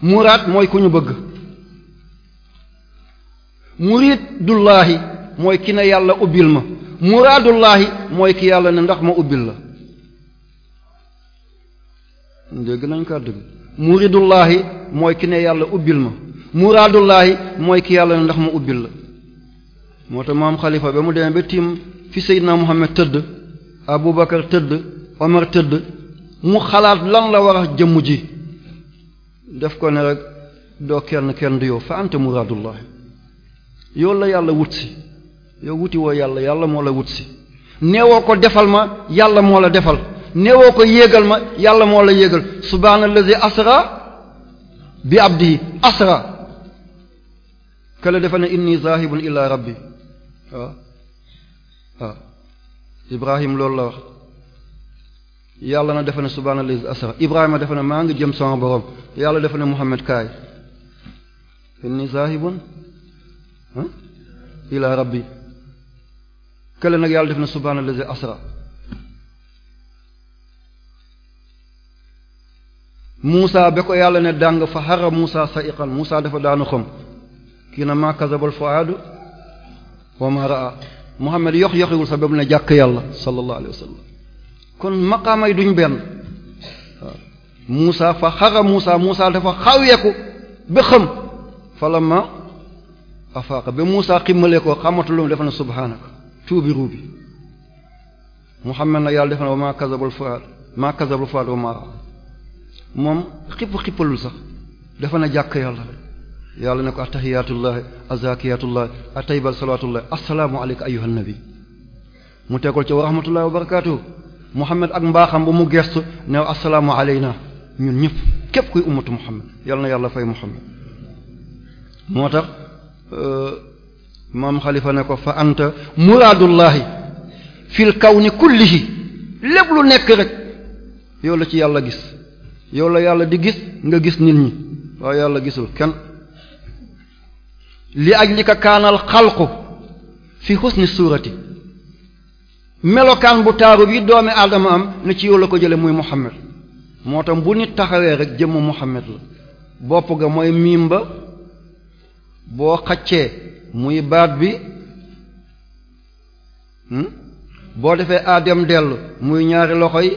muraad mooy ku ñu bëgg murid dullaahi mooy ki ne yàlla ubbil ma muraadullaahi mooy ki yàlla ne ndax ma ubbil la dégg nañ kàddu bi muridullaahi mooy ki ne yàlla ubbil ma muraadullaahi mooy ki yàlla ne ndax ma ubbil la moo tax maam xalifa ba mu demee ba tiim fi Seydina Muhammad tëdd Aboubacar tëdd Omar tëdd mu xalaat lan la war a jëmm ji def ko ne rek doo kenn kenn du yow fa anta muradullah yow la yàlla wut si yow wuti woo yàlla yàlla moo la wut si neewoo ko defal ma yàlla moo la defal neewoo ko yéegal ma yàlla moo la yéegal subhaana allazi asra bi abdi asra kala defal ne inni zahibun ila rabbi waaw Ibrahim loolu la wax yàlla na defe ne subhaanallahi asra Ibrahima defe ne maa ngi jëm sama borom yàlla defe ne Muhammad kaay inni zaahibun ah, ila rabbi kële nag yàlla def na subhaanallahi asra Muusa ba ko yàlla ne dàng fa xara Muusa sa Muusa dafa daanu xom kii maa kasabal fuaadu wa ma raa Muhammad yox yoxiwul sax ba mu ne jàkk yàlla sallallahu alayhi wa kon maqaama yi duñ benn waaw Muusa fa xara Muusa Muusa dafa xaweeku ba xam falamma afaaqa ba Muusa ximmalee ko xamatulum defa na subhaanaka tuubi ruubi Muhammad na yàlla dafa ne wa maa kazabul fuaad maa kazabul fuaad raa moom xipp xippalul sax dafa ne jàkk yàlla yàlla ne ko attahiyatullahi azakiyatullahi ataybal salawatullahi assalaamu aleyka ayyuhan nabi mu ko ci wa rahmatullahi wa barakatuh muhammad ak mbaaxam ba mu gestu ne assalaamu aleyna ñun ñëpp képp kuy ummatu muhammad yàlla na yàlla fay muhammad moo tax euh, maam xalifa ne ko fa anta muraadullahi fil kawni kullihi lépp lu nekk rek la ci yàlla gis yow la yàlla di gis nga gis nit ñi waaye yàlla gisul kenn li aj li ka kaanal xalqu fi xusni suurati melokaan bu taaru bi doomi aadama am ne ci yow la ko jële muy Muhammad moo tam bu nit taxawee rek jëmm Muhammad la bopp ga mooy miim boo xaccee muy baat bi hmm? boo defee aadam dellu muy ñaari loxo yi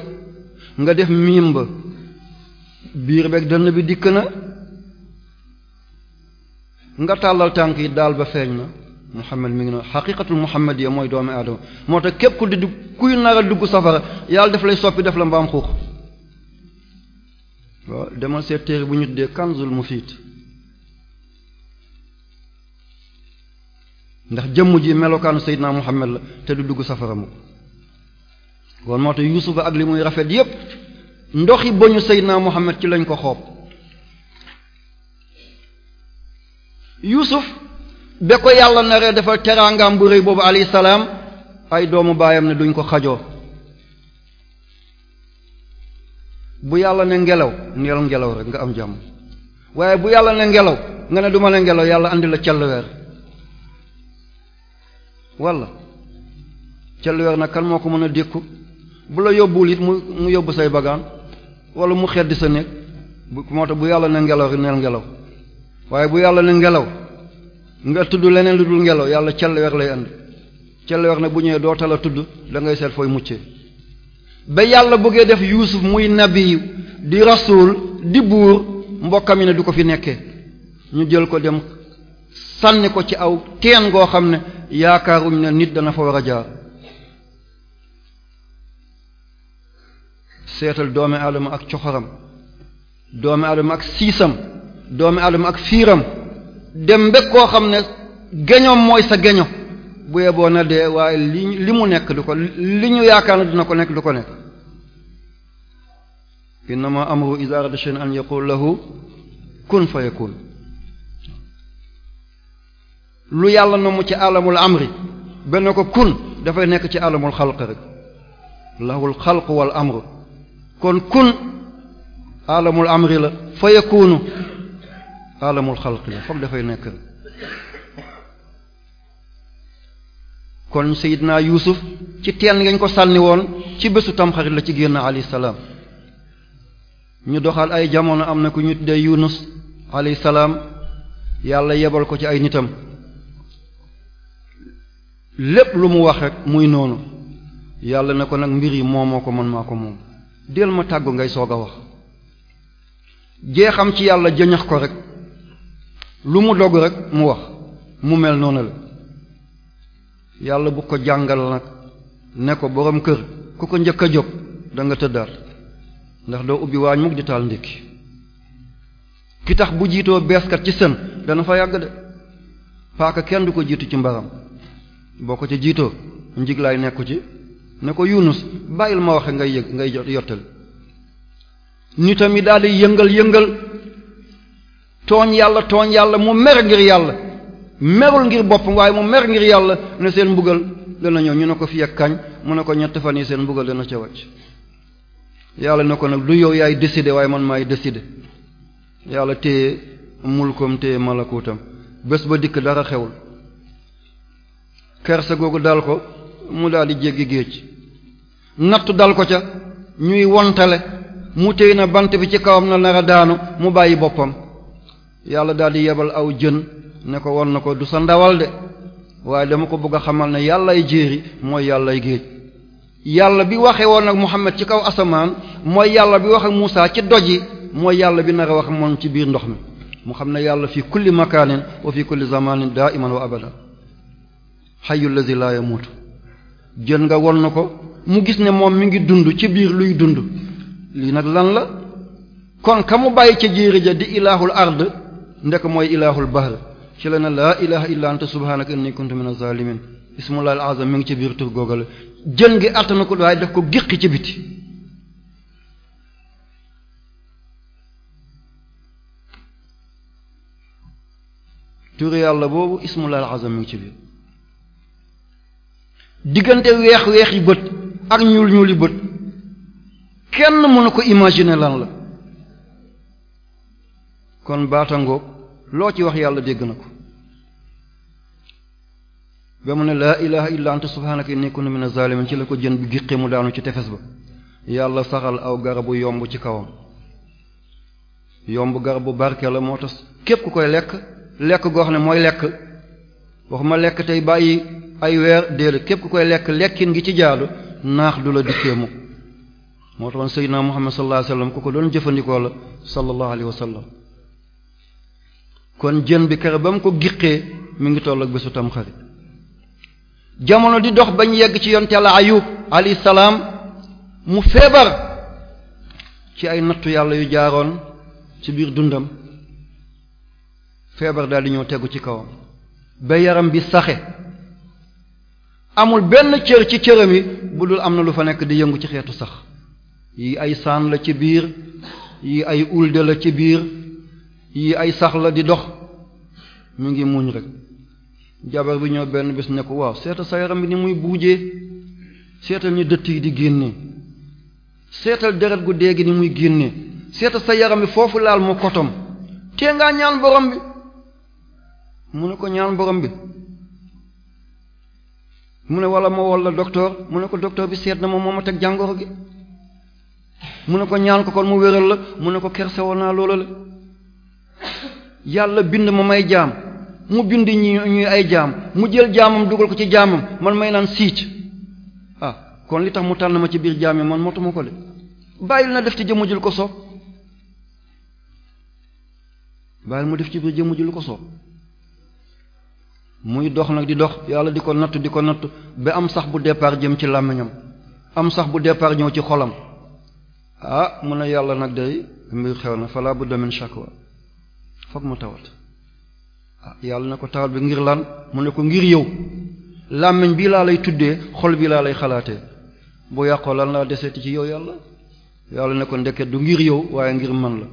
nga def miim ba biir beeg dënn bi dikk na nga tàllal tànk yi daal ba feeñ na Muhammad mi ngi noonu xaqiqatul muhammadiya mooy doomi aadama moo tax képp ku di dugg kuy nar a dugg safara yàlla daf lay soppi def la mbaam xuux waaw demal seet téere bu ñu tuddee kanzul mufiid ndax jëmm ji melokaanu Seydina Muhammad la te du dugg safara mu kon moo tax Yuusufa ak li muy rafet yépp ndoxi bañu Seydina Muhammad ci lañ ko xoob yusuf ba ko yàlla naree dafa teraangaam bu rëy boobu alayhi salaam ay doomu baayam ne duñ ko xajoo bu yàlla ne ngelaw neel ngelaw rek nga am jàmm waaye bu yàlla ne ngelaw nga ne duma ne ngelaw yàlla andi la cellweer walla cellweer na kan moo ko mën a dékku bu la yóbbuwul it mu mu yóbbu say bagaan wala mu xeddi sa néeg bu moo tax bu yàlla ne ngelaw rek neel ngelaw waaye bu yàlla ne ngelaw nga tudd leneen lu ngelaw yàlla cell weer lay ànd cell weer nag bu ñëwee doo tal a tudd dangay ngay seet fooy muccee ba yàlla bëggee def yuusuf muy nabiyu di rasul di buur mbokkam yi ne du ko fi nekkee ñu jël ko dem sànni ko ci aw teen goo xam ne yaakaaruñ ne nit dana fa war a jaar seetal doome aadama ak coxoram doomi aadama ak siisam doomi adama ak fiiram dem mbég koo xam ne geñoom mooy sa geño bu yeboo na dee waaye li li mu nekk du ko li ñu yaakaar ne dina ko nekk du ko nekk innama amru iza arada shay'an an kun fa yakun lu yàlla na mu ci alamul amri benn ko kun dafay nekk ci alamul xalq rek lahul xalq wal amru kon kun alamul amri la fa yakunu alamul xalq la foofu dafay nekk kon naa Yuusuf ci teen ngañ ko sànni woon ci bésu tamxarit la ci génn alayhi salaam ñu doxal ay jamono am na ku ñu tuddee Yunus alayhi salaam yàlla yebal ko ci ay nitam lépp lu mu wax rek muy noonu yàlla na ko nag mbir yi moomoo ko man maa ko moom del ma tàggu ngay soog a wax jeexam ci yàlla jëñax ko rek lu mu dogg rek mu wax mu mel noonu la yàlla bu ko jàngal nag ne ko borom kër ku ko njëkk a jóg danga nga tëddaat ndax doo ubbi waañ mukk di taal ndékki ki tax bu jiitoo beeskat ci sën dana fa yàgg de paaka kenn du ko jiitu ci mbaram boo ko ci jiitoo njiglaay nekku ci ne ko yunus bàyyil ma waxe ngay yëg ngay yottali ni tamit daal yëngal yëngal tooñ yàlla tooñ yàlla mu mer ngir yàlla merul ngir boppam waaye mu mer ngir yàlla ne seen mbugal dana ñëw ñu ne ko fi ak kañ mu ne ko ñett fan yi seen mbugal dana ca wàcc yàlla ne ko nag du yow yaay décider waaye man maay décider yàlla téye mulkoom téye malakuutam bés ba dikk dara xewul kersa googu dal ko mu daal di jéggi géej nattu dal ko ca ñuy wontale mu téye na bant bi ci kawam na nar a daanu mu bàyyi boppam yàlla daal di yebal aw jën ne ko won na ko du sa ndawal de waaye dama ko bëgg a xamal ne yàlla yàllay jéeri mooy ay géej yàlla bi waxee woon ak Muhammad ci kaw asamaan mooy yàlla bi wax ak Muusa ci doj yi mooy yàlla bi nar a wax moom ci biir ndox mi mu xam ne yàlla fi kulli makaanin wa fi kulli zamanin daa iman wa abada xayu lazi laa jën nga won na ko mu gis ne moom mi ngi dund ci biir luy dund lii nag lan la kon ka mu bàyyi ca jéeri ja ard ndek mooy ilaahul bahr ci la ne laa illa anta subhanaka inni kuntu minaz zalimin ismullah al azam mi ngi ca biir tur googale jën gi attana ko waaye daf ko giqi ci biti turu yàlla boobu ismullah al azam mi ngi ci biir diggante weex weex yi bët ak ñuul ñuul yi bët kenn mënu ko imaginer lan la kon baata baatangoog loo ci wax yàlla dégg na ko ba mu ne laa ilaha illa anta subhanaka inni kuntu mina zalimin ci la ko jën bi giqe mu daanu ci tefes ba yàlla saxal aw garabu yomb ci kawam yomb garabu barke la moo tax képp ku koy lekk lekk goo xam ne mooy lekk waxuma lekk tey bàyyi ay weer déedéet képp ku koy lekk lekkin gi ci jaadu naax du la dikkee mu moo taxoon Seydina Muhammad sallallahu alayhi ku ko doon jëfandikoo la sallallahu alayhi wasallam kon jën bi kere ba mu ko giqee mu ngi toll ak bésu tamxarit jamono di dox bañ yegg ci yonte la ayub alayhi salaam mu feebar ci ay nattu yàlla yu jaaroon ci biir dundam feebar daal di ñëw tegu ci kawam ba yaram bi saxe amul benn cër ci cëram yi bu dul am na lu fa nekk di yëngu ci xeetu sax yi ay saan la ci biir yi ay ulde la ci biir yii ay sax la di dox mu ngi muñ rek jabar bi ñëw benn bés ne ko waaw seetal sa yaram bi ni muy buujee seetal ni dëtt yi di génne seetal deret gu dee gi ni muy génne seetal sa yaram bi foofu laal mu kotom tee ngaa ñaan borom bi mu ne ko ñaan borom bi mu ne wala ma wol la docteur mu ne ko docteur bi seet na ma moo ma teg jàngoro gi mu ne ko ñaan ko kon mu wéral la mu ne ko kersewoon naa loola la yàlla bind ma may jaam mu bind ñi ñuy ay jaam mu jël jaamam dugal ko ci jaamam man may naan siit ah kon li tax mu tànn ma ci biir jaam yi man moo tuma ko de bàyyil na def ci jëmm ji lu ko soob bàyyil mu def ci biir jëmm ji lu ko soob muy dox nag di dox yàlla di ko natt di ko natt bi am sax bu départ jëm ci làmmiñam am sax bu départ ñëw ci xolam ah mun a yàlla nag day mbir xew na bu budda min shakwa foog mu tawat ah yàlla na ko tawat bi ngir lan mu ne ko ngir yow làmmiñ bi laa lay tuddee xol bi laa lay xalaatee bu yàqoo lan laa deseeti ci yow yàlla yàlla ne ko ndeket du ngir yow waaye ngir man la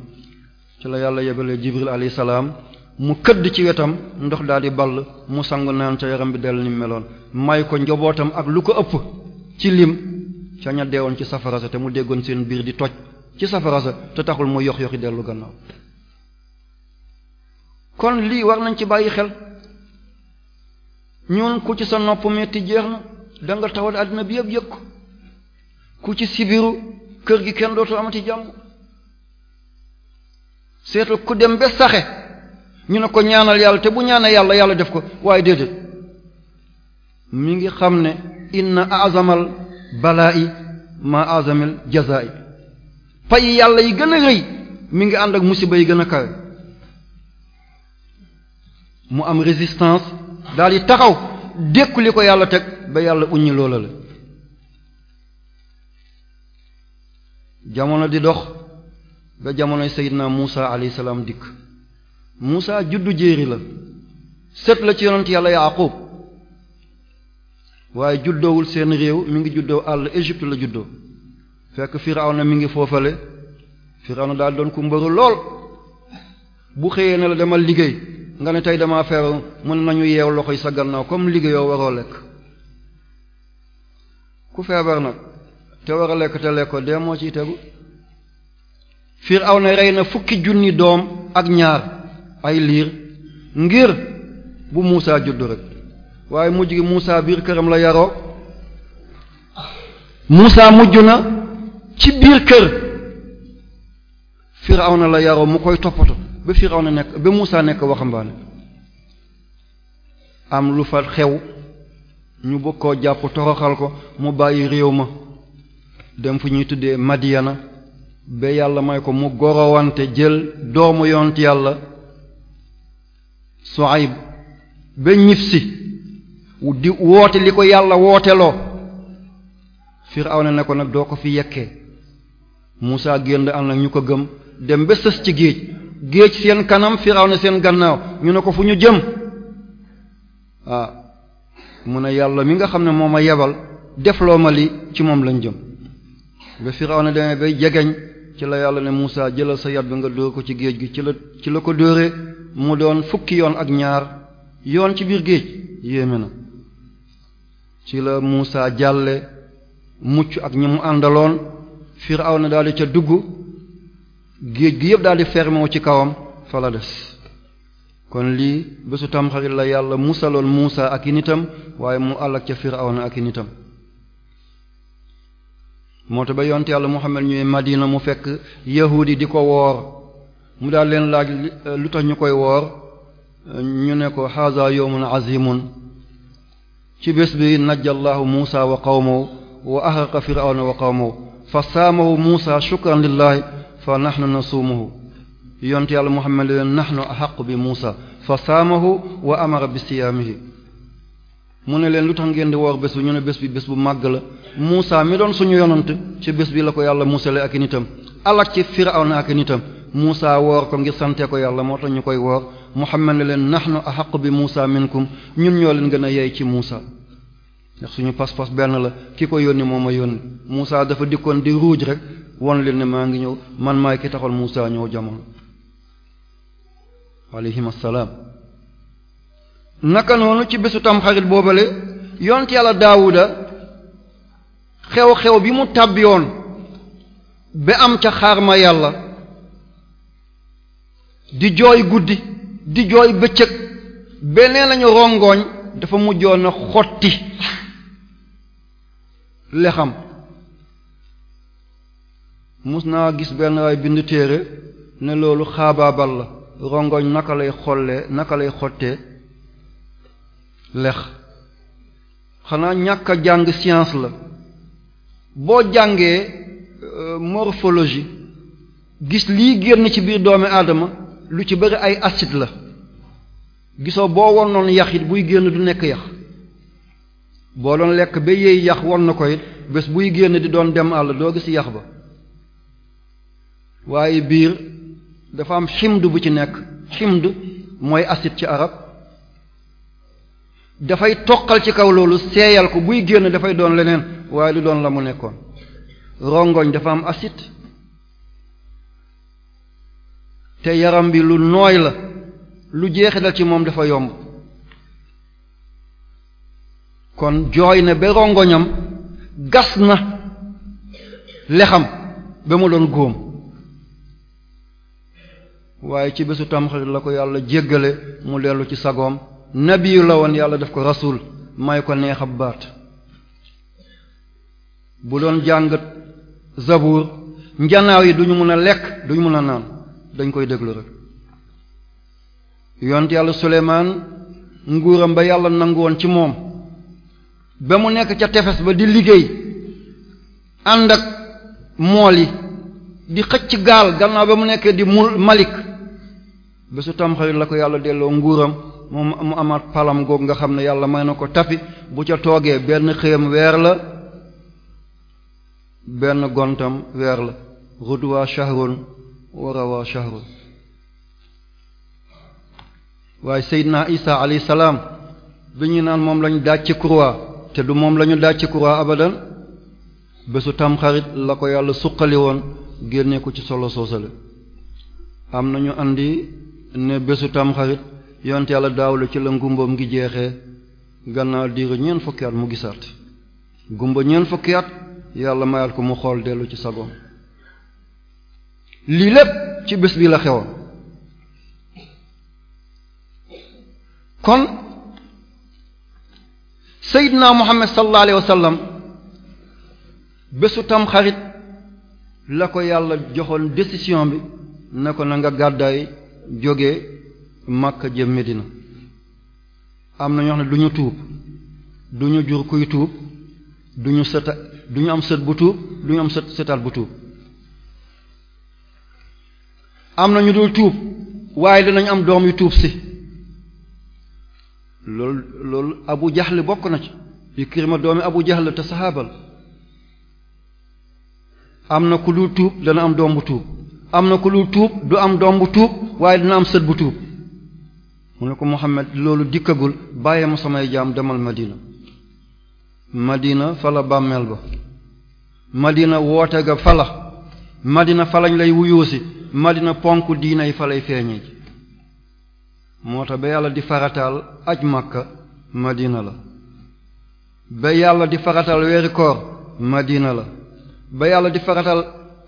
ci la yàlla yebalee jibril alayhi salaam mu këdd ci wetam ndox daal di ball mu sangu naan ca yaram bi dell ni meloon may ko njobootam ak lu ko ëpp ci lim ca ña deewoon ci safara sa te mu déggoon seen biir di toj ci safara sa te taxul mu yox yoxi dellu gannaaw kon lii war nañ ci bàyyi xel ñun ku ci sa nopp metti jeex na danga nga tawat àddina bi yëpp yëg ko ku ci sibiru kër gi kenn dootoo amati jàmm seetal ku dem ba saxe ñu ne ko ñaanal yàlla te bu ñaanal yàlla yàlla def ko waaye déedéet mi ngi xam ne inna azamal balaa'i ma azamil jazaa'i pay yàlla yi gën a rëy mi ngi ànd ak musiba yi gën a kawe mu am résistance daal taxaw dékku ko yàlla teg ba yàlla uññi loola la jamono di dox ba jamonoy na Muusa alayhi salaam dikk Muusa juddu jéeri la sët la ci yonent yàlla Yaaqub waaye juddoowul seen réew mi ngi juddoo àll Égypte la juddoo fekk na mi ngi foofale na daal doon ku mbëru lool bu xëyee ne la demal liggéey nga ne tey damaa feeru mën nañu yeew loxoy sa gannaaw comme liggéeyoo waroo lekk ku feebar nag te war a lekk te lekkoo dee moo ciy tegu Firawna rey na fukki junni doom ak ñaar ay liir ngir bu Muusaa juddu rek waaye mujj gi muusa biir këram la yaroo Muusaa mujj na ci biir kër Firawna la yaroo mu koy toppatoo ba Firawna nekk ba Muusa nekk waxambaane am lu fa xew ñu bëgg koo jàpp toroxal ko mu bàyyi réew ma dem fu ñuy tuddee Madiana ba yàlla may ko mu gorowante jël doomu yoon yàlla Suayb ba ñif si di woote li ko yàlla wooteloo na ne ko nag doo ko fi yekkee Muusa génn am ak ñu ko gëm dem ba sës ci géej géej seen kanam firawna seen gannaaw ñu ne ko fu ñu jëm ah mun ne yàlla mi nga xam ne moo ma yebal defloo ma li ci moom lañ jëm ba firawna demee bay jegeñ ci la yàlla ne Muusa jëlal sa yat bi nga dóor ko ci géej gi ci la ci la ko dóoree mu doon fukki yoon ak ñaar yoon ci biir géej yéeme na ci la musaa jàlle mucc ak mu àndaloon firawna daal di ca dugg géej gi yëpp daal di fermewu ci kawam fa la des kon lii bésu tamxarit la yàlla musaloon Muusa ak i nitam waaye mu àllak ca Firawna ak i nitam moo tax ba yonte yàlla Muhammad ñuy Madina mu fekk yahudi di ko woor mu daal leen laaj euh, lu tax ñu koy woor ñu ne ko haza yawmun azimun ci bés bi najjallahu Muusa wa qawmahu wa axraqa Firawna wa qawmahu fa saamahu Muusa shukran lillahi fa na nasuumuhu yont yàlla Muhammad nax nu ahaqu bi Muusa fa saamahu wa amara bi siyaamihi mu ne leen lu tax ngeen di woor bés bi ñu ne bés bi bés bu màgg la Muusa mi doon suñu yonant ci bés bi la ko yàlla musale ak nitam alak ci Firawna ak nitam Muusa woor ko ngir sante ko yàlla moo tax ñu koy woor Muhammad ne leen nahnu ahaqu bi Muusa minkum ñun ñoo leen gën a yey ci Muusa ndax suñu pas-pas benn la ki ko yónni moo ma yónni Muusa dafa di ruuj rek won leen ne maa ngi ñëw man maay ki taxoon Muusa ñëw jamono alayhim salaam naka noonu ci bésu tamxarit yoon ci yàlla daawuda xew-xew bi mu tàbbiyoon ba am ca xaar ma yàlla di jooy guddi di jooy bëccëg beneen lañu rongoñ dafa mujjoon a xotti lexam mus naa gis benn waay bind téere ne loolu xaabaabal la rongoñ naka lay xollee naka lay xottee lex xanaa ñàkk jàng science la boo jàngee euh, morphologie gis lii génn ci biir doomi aadama lu ci bëri ay acide la gisoo boo won yax it buy génn du nekk yax boo doon lekk ba yeey yax won na ko it bés buy génn di doon dem àll doo gis yax ba waaye biir dafa am ximd bu ci nekk ximd mooy acide ci arab dafay toqal ci kaw loolu seeyal ko buy génn dafay doon leneen waaye du doon la mu nekkoon rongoñ dafa am acide te yaram bi lu nooy la lu jeexital ci moom dafa yomb kon jooy na ba rongoñam gas na lexam ba mu doon góom waaye ci bésu tamxarit la ko yàlla jéggale mu dellu ci sagoom nabiyu la woon yàlla def ko rasuul may ko neex ab baat bu doon jàng zabuur njanaaw yi duñu mën a lekk duñu mën a naan dañ koy déglu rek yont yàlla suleymaan nguuram ba yàlla nangu woon ci moom ba mu nekk ca tefes ba di liggéey àndak mool yi di xëcc gaal gannaaw ba mu nekkee di mul malik bésu tamxarit la ko yàlla delloo nguuram moom mu amaat palam googu nga xam ne yàlla may na ko tapi bu ca toogee benn xëyam weer la benn gontam weer la rudwa shahrun warawa shahrun waaye seydina isa alayhi salaam bi ñu naan moom lañu daaj ci croix te du moom lañu daaj ci croix abadan bésu tamxarit la ko yàlla suqali woon génne ko ci solo soosale am nañu andi ne bésu tamxarit yonte yàlla daawle ci la ngumboom ngi jeexee gannaaw diiru ñeent fukki at mu gisaat gumba ñeent fukkiyaat yàlla mayal ko mu xool dellu ci sagoom lii lépp ci bés bi la xewoon kon Seydina Muhammad sallallahu alayhi wa bésu tamxarit la ko yàlla joxoon décision bi ne ko na nga gàddaay jóge Makka jëm Medina am na ñoo xam ne du ñu tuub du ñu jur kuy tuub du ñu sëta du ñu am set bu tuub du ñu am sët sëtaat bu tuub am na ñu dul tuub waaye dinañ am doom yu tuub si loolu loolu Abu Jahl bokk na ci Ikrima doomi Abu Jahl te saxaabal am na ku dul tuub dana am doom bu tuub am na ku lu tuub du am doom bu tuub waaye dina am sët bu tuub mu ne ko Muhammad loolu dikkagul bàyyee ma samay jaam demal Madina Madina fala bàmmeel ba Madina woote ga fala Madina falañ lay wuyuusi Madina ponk diinay falay feeñee ji moo tax ba yàlla di faratal aj Makka Madina la ba yàlla di faratal weeri koor Madina la ba yàlla di farataal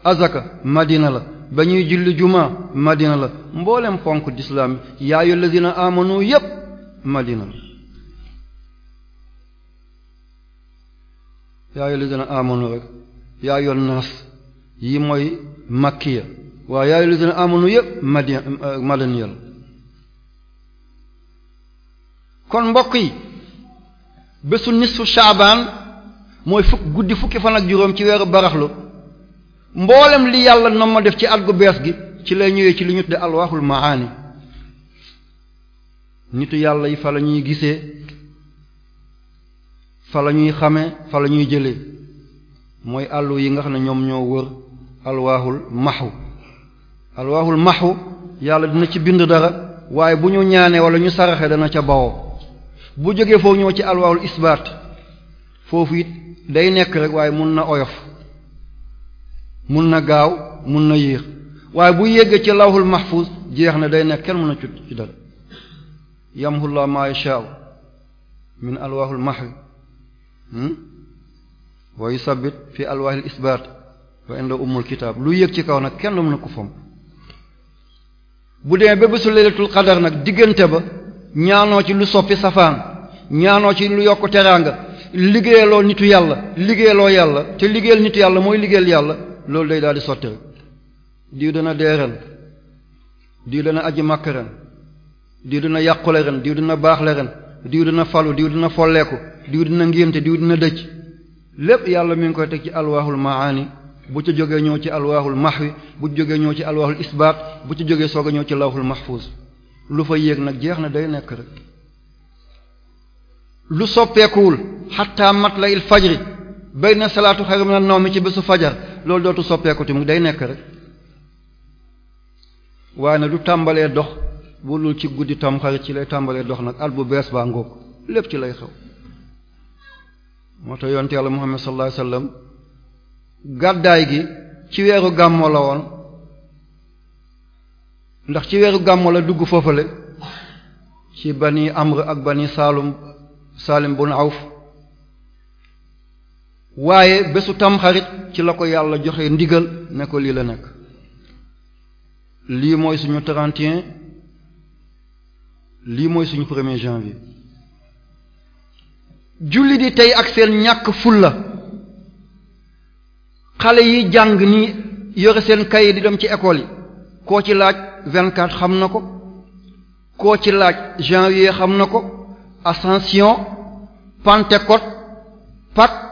azaka Madina la ba ñuy julli juma madina la mboolem ponk d'islam yaayu lazina amanu yépp madina la yaayu lazina amanu rek yaayu naas yi mooy makkiya waaye yaayu lazina amanu yépp madina madaniya la kon mbokk yi bésu nisfu shaabaan mooy fukk guddi fukki fan ak juróom ci weeru baraxlu mboolem li yàlla na ma def ci at gu bees gi ci lay ñëwee ci li ñu tudde alwaxul maani nitu yàlla yi fa la ñuy gisee fa la ñuy xamee fa la ñuy jëlee mooy àllu yi nga xam ne ñoom ñoo wër alwaxul maxu alwaxul maxu yàlla dina ci bind dara waaye bu ñu ñaanee wala ñu saraxe dana ca bawoo bu jógee foofu ñëw ci alwaxul isbaat foofu it day nekk rek waaye mun na oyof mun na gaaw mun na yéex waaye bu yéggee ci lawhul mahfuz jeex na day nekk kenn mun a ci ci dara yamhullaa maa yashaa'u min alwaahul mahwi hmm? wa yusabbit fi alwaahil isbaat wa inda ummul kitaab lu yég ci kaw nag kenn mën a ko fom bu demee ba bésu laylatul qadar nag diggante ba ñaanoo ci lu soppi safaan ñaanoo ci lu yokk teraanga liggéeyaloo nitu yàlla liggéeyaloo yàlla te liggéeyal nit yàlla mooy liggéeyal yàlla loolu day daal di sotti rek diw dana dee ren diw dana aji makk ren diw dina yàqule ren diw dina baaxle ren diw dina falu diw dina folleeku diw dina ngénte diw dina dëcc lépp yàlla mi ngi koy teg ci alwaahul maani bu ci jógee ñëw ci alwaahul mahwi bu ci jógee ñëw ci alwaahul isbaat bu ci jógee soog a ñëw ci lawhul mahfuz lu fa yéeg nag jeex na day nekk rek lu soppeekuwul xataa mat la il fajri bayna salaatu xayru mina nawmi ci bésu fajar loolu dootu soppeeku ti mu day nekk rek waaye ne du tàmbalee dox bu lul ci guddi tam xarit ci lay tàmbalee dox nag at bu bees baa ngoog lépp ci lay xew moo tax yonte yàlla Muhammad sallallahu alayhi wasallam gàddaay gi ci weeru gàmmo la woon ndax ci weeru gàmmo la dugg foofale ci bani amr ak bani saalum saalim bun awf waaye bésu tamxarit ci la ko yàlla joxe ndigal ne ko lii la nekk lii mooy suñu 31 lii mooy suñu premier janvier julli di tey ak seen ñàkk fulla xale yi jàng ni yore seen kay di dem ci école yi koo ci laaj 24 xam na ko koo ci laaj janvier xam na ko ascension Pentecôte Pâques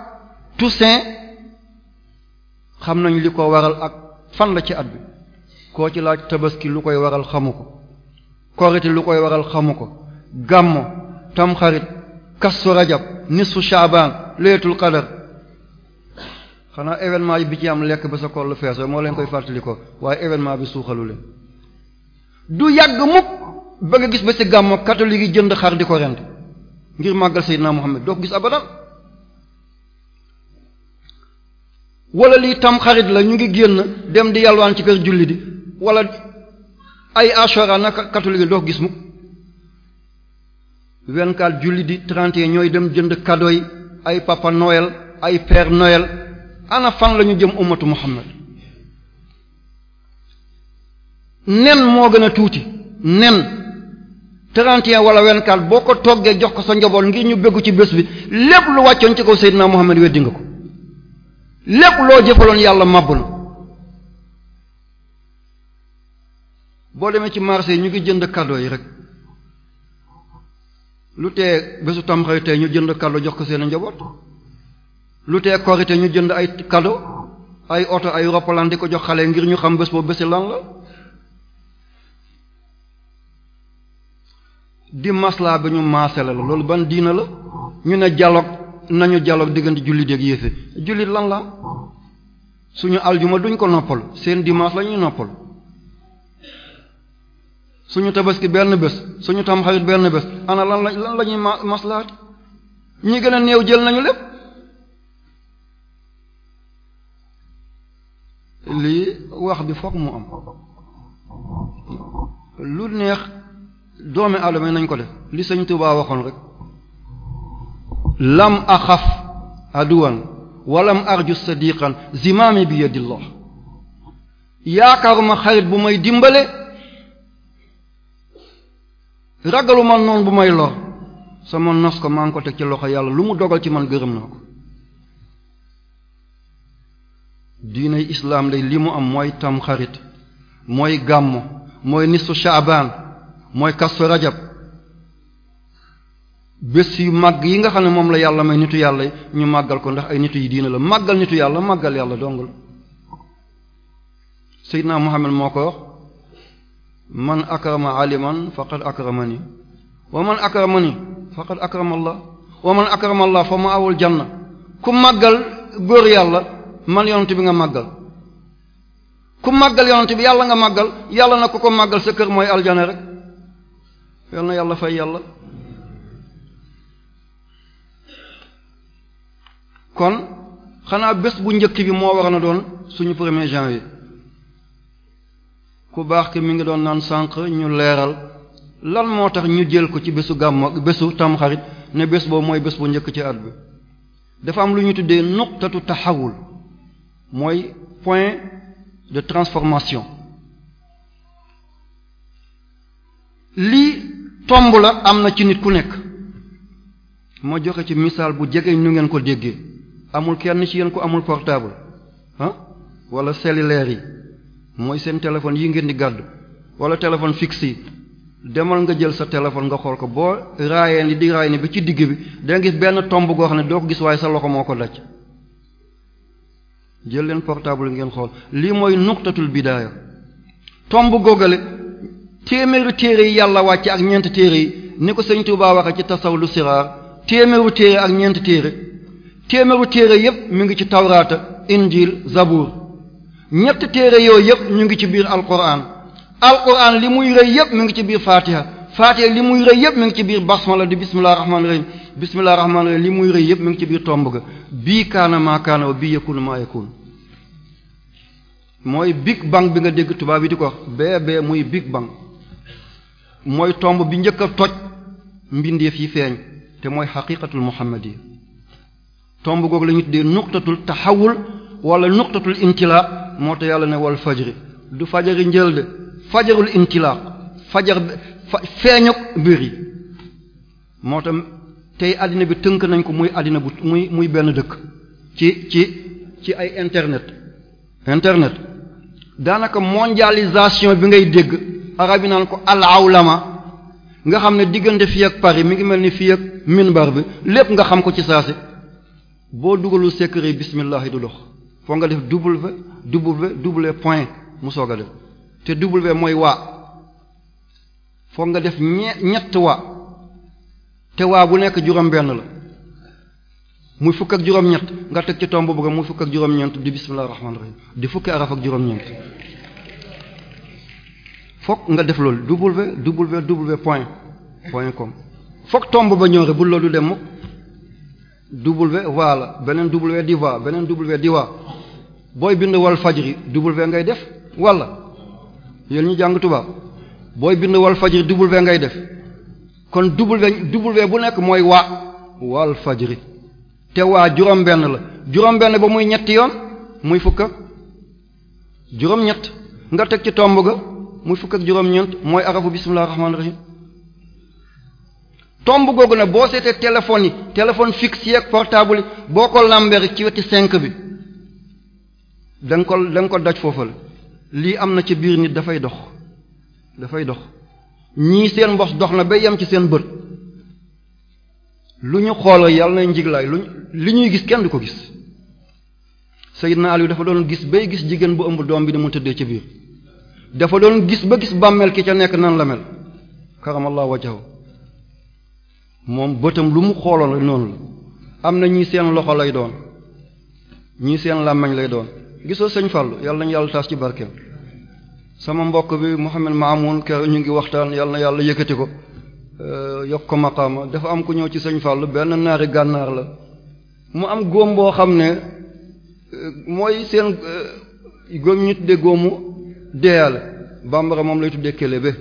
Toussaint xam nañ li ko waral ak fan la ci at bi koo ci laaj tabaski lu koy waral xamu ko korite lu koy waral xamu ko gàmmo tamxarit kastu rajab nisfu shaabaan leetul qadar xanaa événement bi ci am lekk ba sa koll fees moo leen koy fàttali waaye événement bi suuxalu leen du yàgg mukk ba nga gis ba ci gàmmo catholique yi jënd xar ko rent ngir màggal Seydina Muhammad doo ko gis abadan wala lii tam xarit la ñu ngi génn dem di yalwaan ci kër julli di wala ay ashora naka catholique doo gis mu 24 julli di 31 ñooy dem jënd cadeau yi ay papa noël ay père noël ana fan la ñu jëm ummatu muhammad nen moo gën a tuuti nen 31 wala 24 boo ko toggee jox ko sa njaboot ngir ñu bëggu ci bés bi lépp lu wàccoon ci kaw Seydina Muhammad weddi nga ko lépp loo jëfaloon yàlla màbb na boo demee ci marché yi ñu ngi jënd cadeau yi rek lu te bésu tamxarit tey ñu jënd cadeau jox ko seen njaboot lu tee korité ñu jënd ay cadeau ay oto ay roppalaan ko jox xale ngir ñu xam bés boobu bési lan la di maslaa bi ñu maasale la loolu ban diina la ñu ne dialogue nañu dialogue diggante jullit ak yéeféer jullit lan la suñu aljuma duñ ko noppal seen dimanche lañuy noppal suñu tabaski benn bés suñu tamxarit benn bés ana lan la lan la ñuy maslaat ñi gën a néew jël nañu lépp lii wax bi foog mu am lu neex doomi aadama yi nañ ko def li sëñ Tuubaa waxoon rek lam axaf aduwan walam arju sadiqan zimaami bi yadillah yaakaaruma xarit bu may dimbale ragaluma noonu bu may lor sama nos ko maa ngi ko teg ci loxo yàlla lu mu dogal ci man gërëm naa ko diinay islaam day li mu am mooy tam xarit mooy gàmmu mooy nisu shaabaan mooy kastu rajab bés yu màgg yi nga xam ne moom la yàlla may nitu yàlla ñu màggal ko ndax ay nitu yi diina la màggal nitu yàlla màggal yàlla dong la Seydina Muhammad moo ko wax man akrama aliman faqad akramani wa man akramani faqad akrama Allah wa man akrama Allah fa ma awul janna ku màggal góor yàlla man yonent bi nga màggal ku màggal yonent bi yàlla nga màggal yàlla na ko ko màggal sa kër mooy aljana rek yal na yàlla fay yàlla kon xanaa bés bu njëkk bi moo war na doon suñu premier janvier ku baax ki mi ngi doon naan sànq ñu leeral lan moo tax ñu jël ko ci bésu gàmmu bésu tamxarit ne bés boobu mooy bés bu njëkk ci at bi dafa am lu ñu tuddee nuqtatu taxawul mooy point de transformation lii tomb la am na ci nit ku nekk ma joxe ci misaal bu jege ñu ngeen ko déggee amul kenn ci yéen ko amul portable ah wala cellulaire yi mooy seen téléphone yi ngeen di gàddu wala téléphone fixe yi demal nga jël sa téléphone nga xool ko boo raayeen li di raay ni bi ci digg bi da gis benn tomb goo ne doo ko gis waaye sa loxo moo ko leen portable ngeen xool lii mooy nuqtatul bidaaya tomb googale téeméeru téere yi yàlla wàcce ak ñeent téere yi ni ko sëñ Tuubaa waxe ci tasaw lu siraar téeméeru téere ak ñeent téere téeméeru téere yëpp mu ngi ci tawraata injil zabur ñetti téere yooyu yëpp ñu ngi ci biir alquran alquran li muy rëy yëpp mu ngi ci biir fatiha fatiha li muy rëy yëpp mu ngi ci biir basmala di bisimillahi rahmaani rahim bisimillahi rahmaani rahim li muy rëy yëpp mu ngi ci biir tomb ga bii kaana maa kaana wa bii yëkkun maa yëkkun mooy big bang bi nga dégg tubaab yi di ko wax muy big bang mooy tomb bi njëkk a toj mbindeef yi feeñ te mooy xaqiqatul muhammadi tomb googu lañu ñu tuddee taxawul wala nuqtatul intilaq moo tax yàlla ne wal fajri du fajari njël de fajarul intilaq fajar feeñog biir yi moo tax tey àddina bi tënk nañ ko muy àddina bu muy muy benn dëkk ci ci ci ay internet internet daanaka mondialisation bi ngay dégg arab yi ko al awlama nga xam ne diggante fi ak Paris mi ngi mel ni fii ak minbar bi lépp nga xam ko ci saasi boo dugalul secret bismillah du dox foo nga def W W W point mu soog a def te W mooy waa foo nga def ñe ñett waa te waa bu nekk juróom-benn la muy fukk ak juróom-ñett nga teg ci tomb bëgg muy fukk ak juróom-ñeent di bismillah rahmaani rahiim di fukki araf ak juróom-ñeent fokk nga def loolu W W W point point com fokk tomb ba ñëw rek bu loolu dem mukk W wa la beneen W di wa beneen W di wa booy bind wal fajri W ngay def wala yéen ñu jàng tubaab booy bind wal fajri W ngay def kon dubul W W bu nekk mooy waa wal ri te waa juróom-benn la juróom-benn ba muy ñetti yoon muy fukk ak juróom-ñett nga teg ci tomb ga muy fukk ak juróom-ñeent mooy arafu bismillah rahmaani rahim tomb googu nag boo seetee téléphone yi téléphone fixe yeeg portable yi boo ko lambéri ci weti cinq bi da ko da ko daj foofu lii am na ci biir nit dafay dox dafay dox ñii seen mbos dox na ba yem ci seen bët lu ñu xool yàlla na njiglaay lu li ñuy gis kenn du ko gis Seydina Aliou dafa doon gis bay gis jigéen bu ëmb doom bi ni mu tëddee ci biir dafa doon gis ba gis bàmmeel ki ca nekk nan la mel karamallahu wajhahu moom bëtam lu mu xoolal noonu la am na ñii seen loxo lay doon ñii seen làmmiñ lay doon gisoo sëñ Fallou yàlla nañu yàlla taas ci barkeem sama mbokk bi Mouhamed Mamoun kër ñu ngi waxtaan yàlla na yàlla yëkkati ko euh, yokk ko dafa am ku ñëw ci sëñ Fallou benn naari gànnaar la mu am góom boo xam ne euh, mooy seen euh, góom ñu tuddee góomu deeyal bambara moom lay tuddee kélébé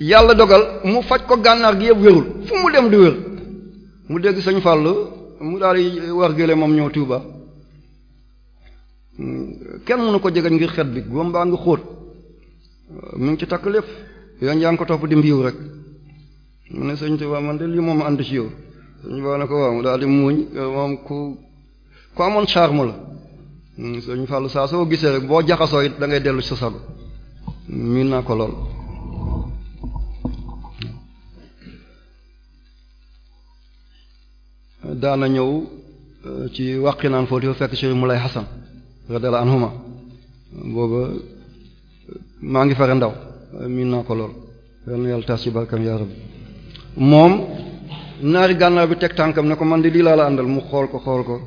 yàlla dogal mu faj ko gànnaar gi yëpp wérul fu mu dem di wér mu dégg sëñ Fàllu mu daal di war gële moom ñëw Tuuba kenn mënu ko jegeñ ngir xet bi góom baa ngi xóot mu ngi ci takk lépp yoon yaa ngi ko topp di mbiiw rek mu ne sëñ Tuuba man de lii moom ànd ci yow sëñ Ba ne ko waaw mu daal di muuñ moom ku ku amoon charme la sëñ Fàllu saa soo gisee rek boo jaxasoo it da dellu ci sa sago miin naa ko lool daana ñëw euh, ci waqinaan fóoti yu fekk Cheikh Moulay Hassan radiyallahu anhuma booba euh, maa ngi fare ndaw miin naa ko lool yal na yàlla moom naari gànnaar bi teg tànkam ne ko man di lii laa la àndal mu xool ko xool ko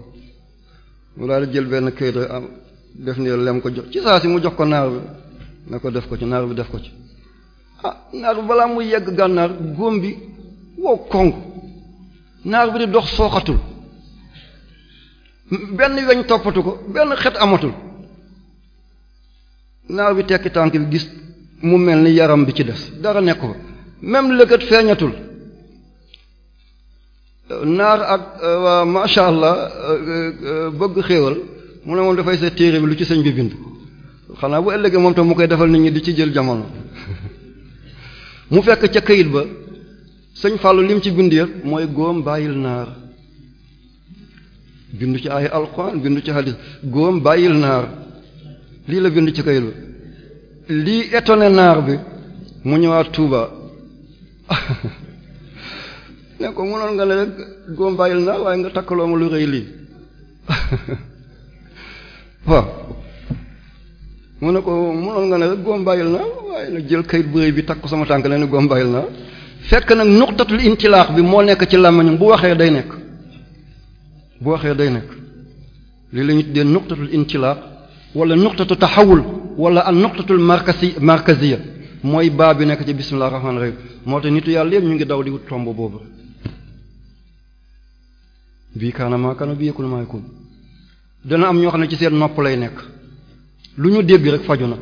mu daal di jël benn këyit am ah, def ni lem ko jox ci saa si mu jox ko naar bi ne ko def ko ci naar bi def ko ci ah naar bi balaa mu yegg gànnaar góom bi wow kong naar bi di dox sooxatul benn weñ toppatu ko benn xet amatul naar bi tekki tànk bi gis mu mel ni yaram bi ci des dara nekk ko même lëkkat feeñatul naar ak euh, waa macha allah euh, euh, bëgg xéewal mu ne moom dafay sa téere bi lu ci sëñ bi bind xanaa bu ëllëgee moom tam mu koy defal nit ñi di ci jël jamono mu fekk ca këyit ba sëñ Fallou lim ci bind yëpp mooy góom bàyyil naar bindu ci ay alquran bindu ci hadis góom bàyyil naar lii la bind ci kayit bi lii étonné naar bi mu ñëwaat tuuba ne ko mënoon nga ne rek góom bàyyil naar waaye nga takkaloo ma lu rëy lii waaw mu ne ko mënoon nga ne rek góom bàyyil naar waaye nag jël kayit bu rëy bi takk sama tànk ne ni góom bàyyil naar fekk nag nuqtatul intilaax bi moo nekk ci làmmiñam bu waxee day nekk bu waxee day nekk lii la ñu tuddee nuqtatul intilaax wala nuqtatu taxawul wala an nuqtatul markasi markaziya mooy baa bi nekk ci bismillah rahmaani rahim moo tax nitu yàlla yëpp ñu ngi daw di wut tomb boobu bii kaana maa bi yëkkul maa yëkkul dana am ñoo xam ne ci seen nopp lay nekk lu ñu dégg rek faju na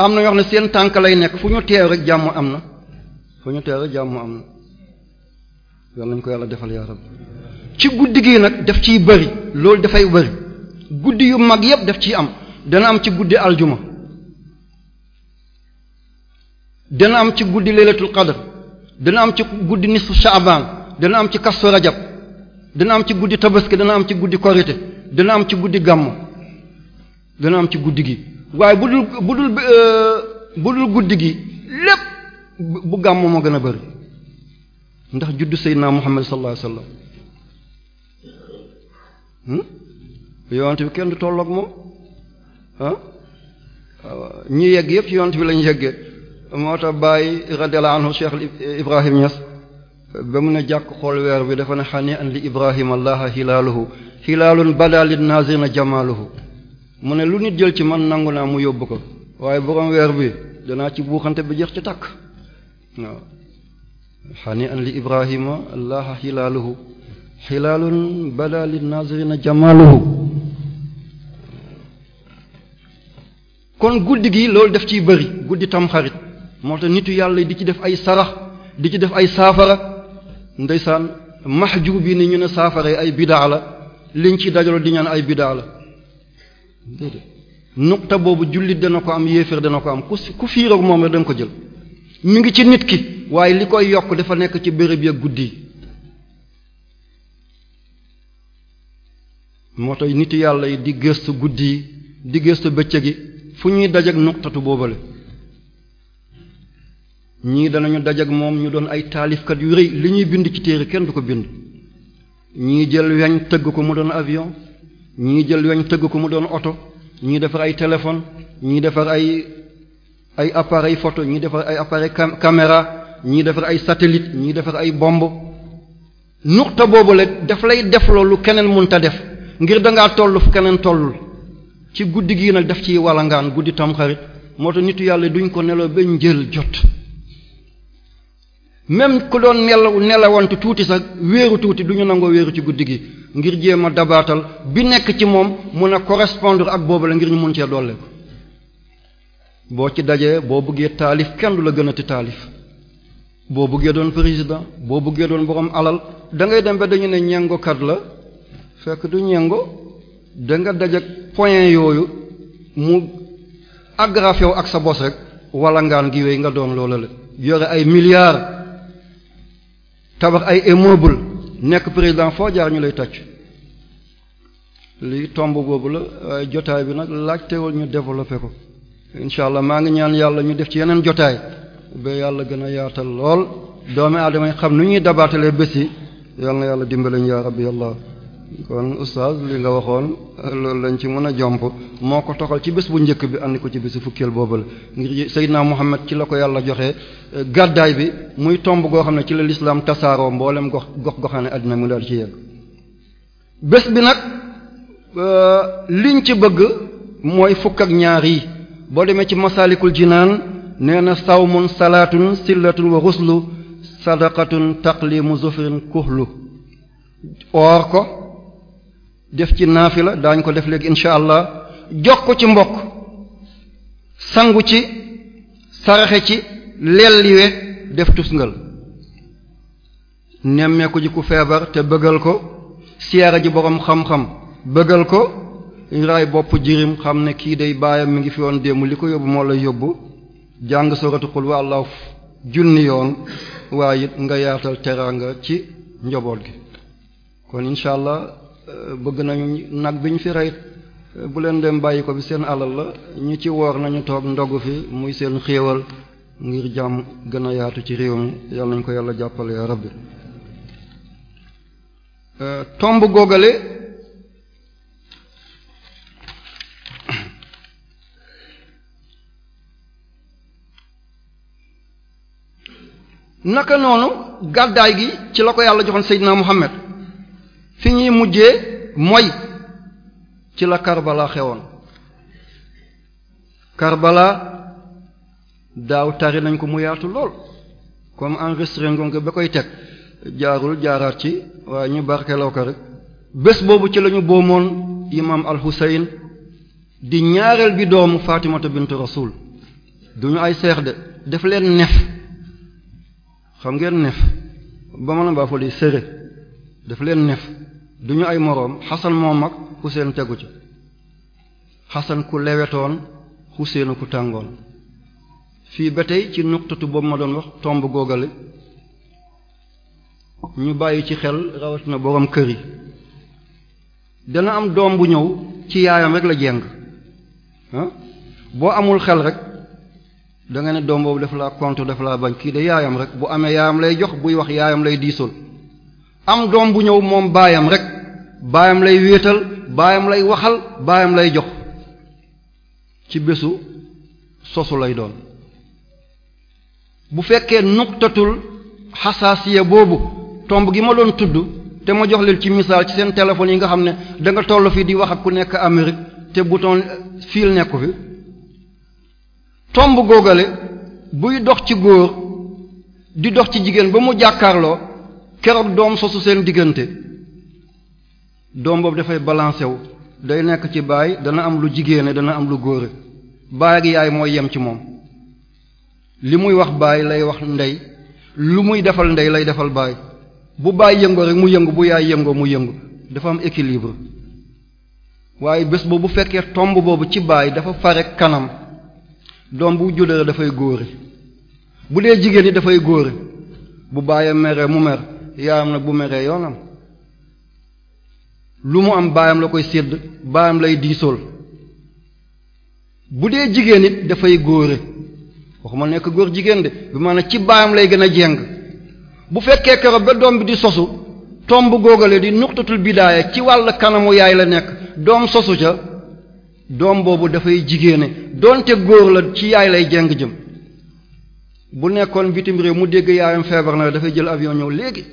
am na ñoo xam ne seen tànk lay nekk fu ñu teew rek jàmm am na fu ñu teew rek jàmm am na yoon nañ ko yàlla defal yaa rabbi ci guddi gi nag def ciy bëri loolu dafay bëri guddi yu mag yëpp daf ciy am dana am ci guddi aljuma dana am ci guddi leylatul qadr dana am ci guddi nisfu shaaban dana am ci kastu rajab dana am ci guddi tabaski dana am ci guddi korite dana am ci guddi gàmm dana am ci guddi gi waaye bu dul bu dul bu euh, dul guddi gi lépp bu gàmmu moo gën a bari ndax juddu seydinaa muhammad sallallahu alayhi wasallam hmm? yonent bi kenn du tolloog moom ah ñi yegg yëpp ci yonent bi lañu yeggee moo tax bàyyi radiyallahu anhu Cheikh Ibrahim Niass ba mu ne jàkk xool weer bi dafa ne xane an li Ibrahim allaha hilaaluhu hilaalun bada linnaazirina jamaaluhu mu ne lu nit jël ci man nangu naa mu yóbbu ko waaye borom weer bi danaa ci buuxante bi jeex ci takk waaw xani an li ibrahima allaha xilaaluhu xilaalun bada linnazirina jamaaluhu kon guddi gi loolu def ciy bëri guddi tamxarit xarit moo tax nitu yàlla di ci def ay sarax di ci def ay saafara ndeysaan mahjub yi ni ñu ne saafara ay bidaa la liñ ci dajaloo di ñaan ay bidaa la déedéet nuqta boobu jullit dana ko am yéeféer dana ko am ku ku fiiroog moom rek da ko jël ñu ngi ci nit ki waaye li koy yokk dafa nekk ci béréb ya guddi yi moo tax nit yàlla yi di gëstu guddi yi di gëstu bëccëg yi fu ñuy dajak nuqtatu boobale ñii danañu dajak moom ñu doon ay taalifkat yu rëy li ñuy bind ci téere kenn du ko bind ñii jël weñ tëgg ko mu doon avion ñii jël weñ tëgg ko mu doon oto ñii defar ay téléphone ñii defar ay ay appareil photo ñii defar ay appareil caméra ñii defar ay satellite ñii defar ay bomb nuxta boobu la daf lay def loolu keneen mënta def ngir dangaa tollu fu keneen tollul ci guddi gii nag def ciy walangaan guddi tamxarit moo tax nitu yàlla duñ ko nelaw ba njël jot même ku doon nelaw nelawantu tuuti sax weeru tuuti du ñu nangoo wéeru ci guddi gi ngir jéem a dabaatal bi nekk ci moom mun a correspondre ak boobu la ngir ñu mun cee dolle ko boo ci dajee boo bëggee taalif kenn du la gën a ti taalif boo bëggee doon président boo bëggee doon borom alal da ngay dem ba dañu ne ñengokat la fekk du ñengo da nga daj ak point yooyu mu aggrafe wu ak sa bos rek walla ngaan gi wéy nga doon loola la yore ay milliards tabax ay immeuble nekk président foo jaar ñu lay tàcc lii tomb boobu la waaye jotaay bi nag laajtewul ñu développé ko incha allah maa ngi ñaan yàlla ñu def ci yeneen jotaay ba yàlla gën a yaatal lool doomi aadama yi xam nu ñuy dabaatalee bés yi yal na yàlla dimbale ñu yaa rabbi yàlla kon oustaz li nga waxoon loolu lañ ci mën a jomp moo ko toxal ci bés bu njëkk bi andi ko ci bésu fukkeel boobale ngir Seydina Muhammad ci la ko yàlla joxe eh, gàddaay bi muy tomb goo xam ne ci la lislaam tasaaroo mboolem gox gox goxaane àddina mu daal ci yegg bés bi nag eh, liñ ci bëgg mooy fukk ak ñaar yi boo demee ci masaalikul jinaan nee na sawmun salaatun sillatun wa ruslu sadaqatun taqlimu zufrin kuhlu oor ko def ci la daañ ko def léegi incha allah jox ko ci mbokk sangu ci saraxe ci lelliwe def tusngal nemmeeku ji ku feebar te bëggal ko siyaara ji boroom xam-xam bëggal ko raay bopp jirim xam ne kii dey baayam mi ngi fi woon démb li ko yóbbu moo lay yóbbu jàng soratu xul wa allah junni yoon waaye it nga yaatal teraanga ci njaboot gi kon incha allah Euh, bëgg nañu nag bi ñu fi rey euh, bu leen dem bàyyi ko bi seen alal la ñu ci woor nañu toog ndogg fi muy seen xéewal ngir jàmm gën a yaatu ci réew mi yàlla nañ ko yàlla jàppale yaa rabbi euh, tomb googale naka noonu gàddaay gi ci la ko yàlla joxoon Seydina Muhammad fi ñuy mujjee mooy ci la Karbala xewoon Karbala daaw tari nañ ko mu yaatu lool comme enregistré ngoon ko ba koy teg jaarul jaaraat ci waaye ñu barkeloo ko rek bés boobu ci lañu boomoon imaam al-Husayn di ñaareel bi doomu Fatimata bint Rasul duñu ay seex de def leen nef xam ngeen nef ba mën a baa fa li daf leen nef du ñu ay moroom xasan moo mag xuseen tegu ca xasan ku lewetoon xuseenu ku tàngoon fii ba tey ci nuqtatu boobu ma doon wax tomb googale ñu bàyyi ci xel rawatina boroom kër yi dana am doom bu ñëw ci yaayam rek la jeng ah boo amul xel rek da ne doom boobu daf laa contre daf la bañ kii de yaayam rek bu amee yaayam lay jox buy wax yaayam lay diisoon am doom bu ñëw moom baayam rek baayam lay wéetal baayam lay waxal baayam lay jox ci bésu sosu lay doon bu fekkee nuqtatul xasaasiya boobu tomb gi ma doon tudd te ma jox leen ci misaal ci seen téléphone yi nga xam ne danga nga toll fii di wax ak ku nekk amerig te bouton fiil nekku fi tomb googale buy dox ci góor di dox ci jigéen ba mu jàkkaarloo keroog doom sosu seen diggante doom boobu dafay balancé wu day nekk ci baay dana am lu jigéene dana am lu góore baay yaay mooy yem ci moom li muy wax baay lay wax ndey lu muy defal ndey lay defal baay bu baay yëngoo rek mu yëngu bu yaay yëngoo mu yëngu dafa am équilibre waaye bés boobu fekkee tomb boobu ci baay dafa fare kanam doom bu juddoo dafay góore bu dee jigéen yi dafay góore bu baayam meree mu mer yaayam nag bu meree yoonam lu mu am baayam la koy sedd baayam lay diisool bu dee jigéen it dafay góore waxuma nekk góor jigéen de bi maanaam ci baayam lay gën a jeng bu fekkee keroog ba doom bi di sosu tomb góogale di nuqtatul bidaaya ci wàll kanamu yaay la nekk doom sosu ca doom boobu dafay jigéene doonte góor la ci yaay lay jeng jëm bu nekkoon bitim réew mu dégg yaayam feebar na dafay jël avion ñëw léegi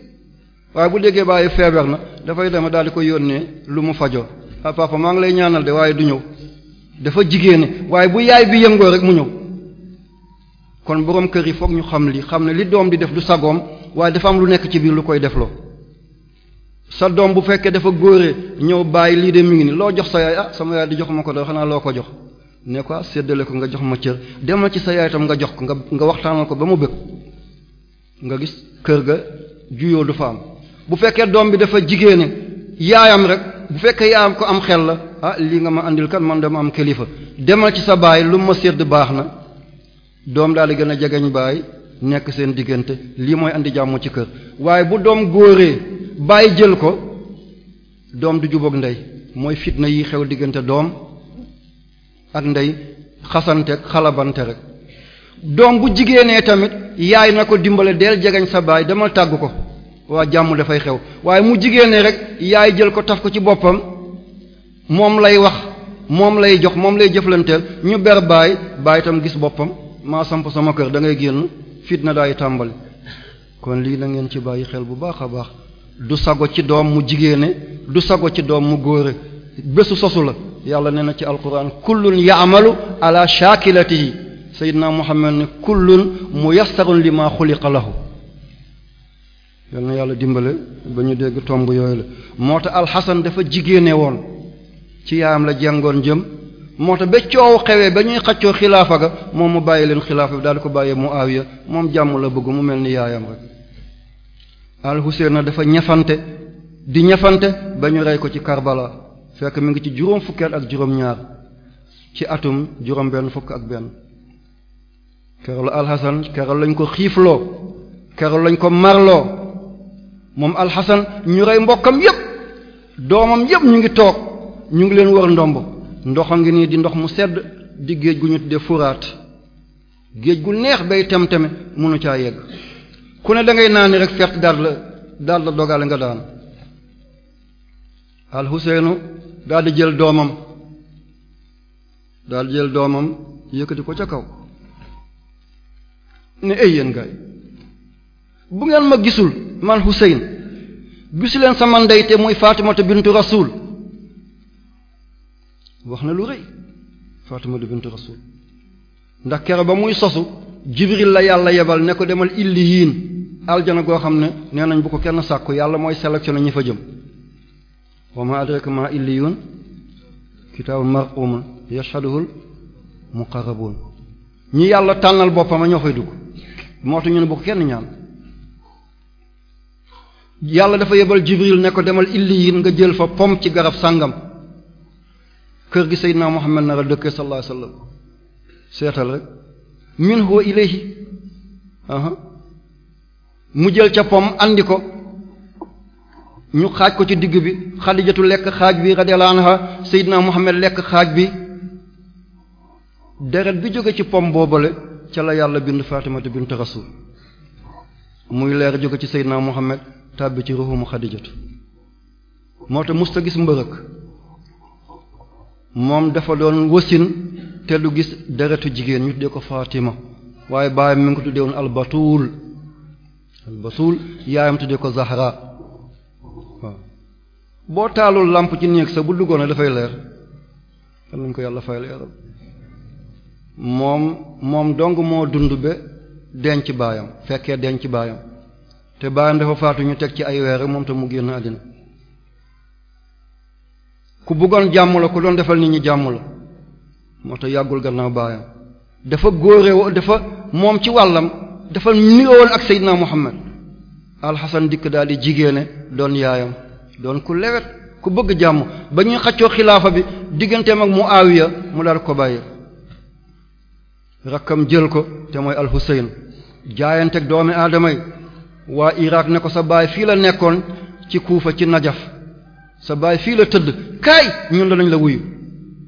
waaye bu déggee bàyyi feebar na dafay dema daal di ko yónnee lu mu fajoo ah papa maa ngi lay ñaanal de waaye du ñëw dafa jigéene waaye bu yaay bi yëngoo rek mu ñëw kon borom kër yi foog ñu xam li xam ne li doom di def du sagoom waaye dafa am lu nekk ci biir lu koy def loo sa doom bu fekkee dafa góoree ñëw bàyyi lii de mi ngi ni loo jox sa yaay ah sama yaay di jox ma ko dara xanaa loo ko jox ne ko ah, séddale ko nga jox ma cër demal ci sa yaay nga jox ko nga nga waxtaanal ko ba mu bëgg nga gis kër ga juyoo du fa bu fekkee doom bi dafa jigéene yaayam rek bu fekkee yaayam ko am xel la ah lii nga ma andil kan man dama am kilifa demal ci sa baay lu ma sédd baax na doom daal di gën a jegeñ baay nekk seen diggante lii mooy andi jàmm ci kër waaye bu doom góoree bàyyi jël ko doom du jubóog ndey mooy fitna yi xew diggante doom ak ndey xasante xalabante rek doom bu jigéenee tamit yaay na ko dimbale del jegeñ sa baay demal tàgg ko waa jàmm dafay xew waaye mu jigéen ne rek yaay jël ko taf ko ci boppam moom lay wax moom lay jox moom lay jëflanteel ñu ber baay bàyyi tam gis boppam maa samp sama kër da ngay génn fitna daay tàmbali kon lii na ngeen ci bàyyi xel bu baax a baax du sago ci doom mu jigéene du sago ci doom mu góore bésu sosu la yàlla nee na ci alquran kullun yaamalu ala shaakilatihi sayyidina muhammad ne kullun muyassarun lima xuliqa lahu yal na yàlla dimbale ba ñu dégg tomb yooyu la moo tax alxasan dafa jigéene woon ci yaayam la jàngoon jëm moo tax ba coow xewee ba ñuy xaccoo xilaafa ga moom mu bàyyi leen xilaafa bi ko bàyyi mu bàyyee Muawiya moom jàmm la bëgg mu mel ni yaayam rek alxuseyn na dafa ñafante di ñafante ba ñu rey ko ci Karbala fekk mu ngi ci juróom fukkeel ak juróom-ñaar ci atum juróom benn fukk ak benn keroog la alxasan keroog lañ ko xiifloo keroog lañ ko marloo moom alxasan ñu rey mbokkam yépp doomam yépp ñu ngi toog ñu ngi leen wër ndomb ndox a ngi nii di ndox mu sedd di géej gu ñu tuddee furaat géej gu neex bay tem-teme mënu caa yegg ku ne da ngay naani rek fert daal la dogale nga daan alxuseenu daal di jël doomam daal jël doomam yëkkati ko ca kaw ne ay yéen gaay bu ngeen ma gisul man Hussein gisuleen sama ndey te muy Fatimatu bintu Rasul wax na lu rëy Fatimatu bintu Rasul ndax kero ba muy sosu Jibril la yàlla yebal ne ko demal illiyin aljana goo xam ne nee nañ bu ko kenn sàkku yàlla mooy sélectionné ñi fa jëm wa ma adraka ma illiyun kitaabun marquuma yashhaduhul muqarrabuun ñi yàlla tànnal boppam ñoo fay dugg moo tax ñu bu ko kenn ñaan yàlla dafa yebal jibril ne ko demal illiyin nga jël fa pom ci garab sàngam kër gi seydinaa muhammad nar a dëkkee sallallahu alayhi wasallam seetal rek min huwa ilayhi mu jël ca pom àndi ko ñu xaaj ko ci digg bi xadijatu lekk xaaj bi radiyallahu anha seydinaa muhammad lekk xaaj bi deret bi jóge ci pom boobale ca la yàlla bind fatimatu bint rasul muy leer jóge ci seydinaa muhammad tàbbi ci ruuxu mu xadijatu moo tax musta gis mbërëk moom dafa doon wasin te du gis deretu jigéen ñu tuddee ko Fatima waaye baayam mi ngi ko tuddee woon albatuul albatuul yaayam tuddee ko Zahra waaw boo taalul làmp ci néeg sa bu duggoon dafay leer nañ ko yàlla fay leeral moom moom dong moo dund ba ci baayam fekkee ci baayam te baayam dafa faatu ñu teg ci ay weer moom te mu génn àddina ku bëggoon jàmm la ku doon defal nit ñi jàmm la moo tax yàggul gannaaw baayam dafa góoreewoon dafa moom ci wàllam dafa nirowoon ak Seydina Muhammad alxasan dikk daal di jigéene doon yaayam doon ku lewet ku bëgg jàmm ba ñuy xaccoo xilaafa bi digganteem ak Muawiya mu daal ko bàyyi rakkam jël ko te mooy alxuseyn jaayanteeg doomi aadama yi waa Irak ne ko sa baay fii la nekkoon ci Kuufa ci Najaf sa baay fii la tëdd kaay ñun danañ la wuyu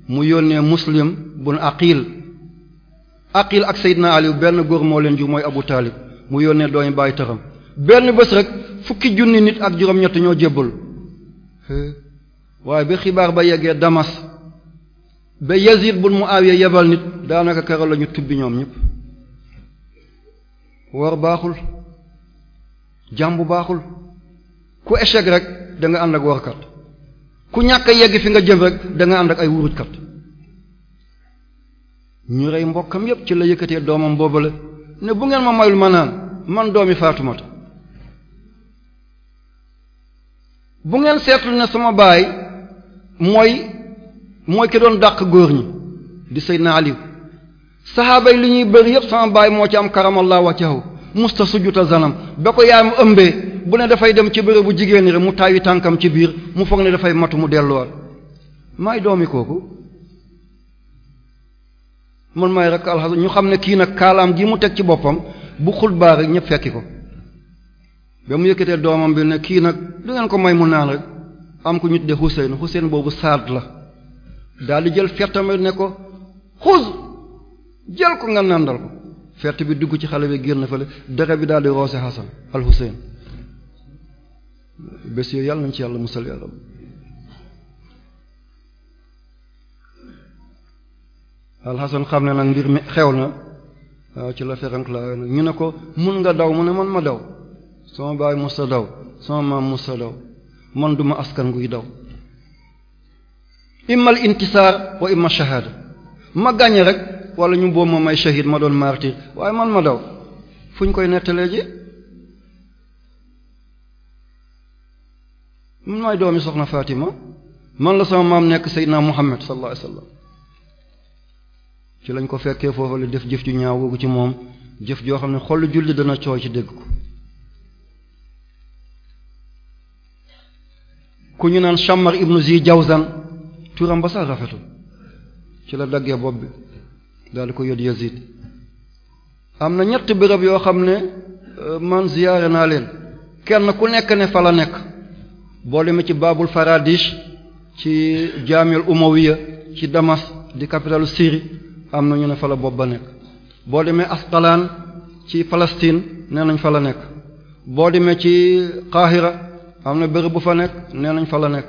mu yónnee Muslim bun Aqil Aqil ak Seydina Aliou benn góor moo leen jur mooy Abu Taalib mu yónnee doomi baay tëram benn bés rek fukki junni nit ak juróom-ñett ñoo jébbal waaye ba xibaar ba yeggee Damas ba Yazid bun Muawiya yebal nit daanaka keroog lañu ñu tubbi ñoom ñëpp war baaxul. jàmm bu baaxul ku échec rek danga nga ànd ak warkat ku ñàkk a yegg fi nga jëm rek danga ànd ak ay wurujkat ñu rey mbokkam yépp ci la yëkkatee doomam la ne bu ngeen ma mayul ma naan man doomi faatumata bu ngeen seetlu ne sama baay mooy mooy ki doon dàq góor ñi di Seydina Aliou saxaaba yi li ñuy bëri yépp sama baay moo ci am karamallahu wajhahu musta sujjuta zanam ba ko yaayam ëmbee bu ne dafay dem ci bu jigéen rek mu taayi tànkam ci biir mu foog ne dafay matu mu delluwaat maay doomi kooku mën maay rek alxas ñu xam ne kii nag kaalaam gi mu teg ci boppam bu xutbaa rek ñëpp fekki ko ba mu yëkkatee doomam bi ne kii nag du ngeen ko may mu naan rek am ku ñu tuddee Hussein Hussein boobu saad la daal di jël fettam ne ko xuz jël ko nga nandal ko fert bi dugg ci xale bi génn fële deret bi daal di roose Hassan al Hussein bés yooyu yàlla nañ ci yàlla musal yàlla al Hassan xam ne nag mbir mi xew na waaw ci la ferenk la nag ñu ne ko mun nga daw mu ne man ma daw sama baay musta daw sama maam musta daw man duma askan guy daw immal intisaar wa imma shahaada ma gàññe rek wala ñu boobu ma may shahid ma doon martyr waaye man ma daw fu ñu koy nettalee ji mun may doomi soxna Fatima man la sama maam nekk Seydina Muhammad sallallahu alayhi wasallam ci lañ ko fekkee foofu la def jëf ju ci moom jëf joo xam ne xol julli dana cooy ci dégg ku ñu naan Shammar ibnu Zi Jawzan turam ci la daggee bopp bi daal di ko yót Yazid am na ñett béréb yoo xam ne euh, man ziyaare naa leen kenn ku nekk ne fa la nekk boo demee ci babul faradish ci jaamil umawiya ci Damas di capitalu siri am na ñu ne fa la bopp ba nekk boo demee Asqalaan ci palastiin nee nañ fa la nekk boo demee ci Qahira am na bërëb bu fa nekk nee nañ fa la nekk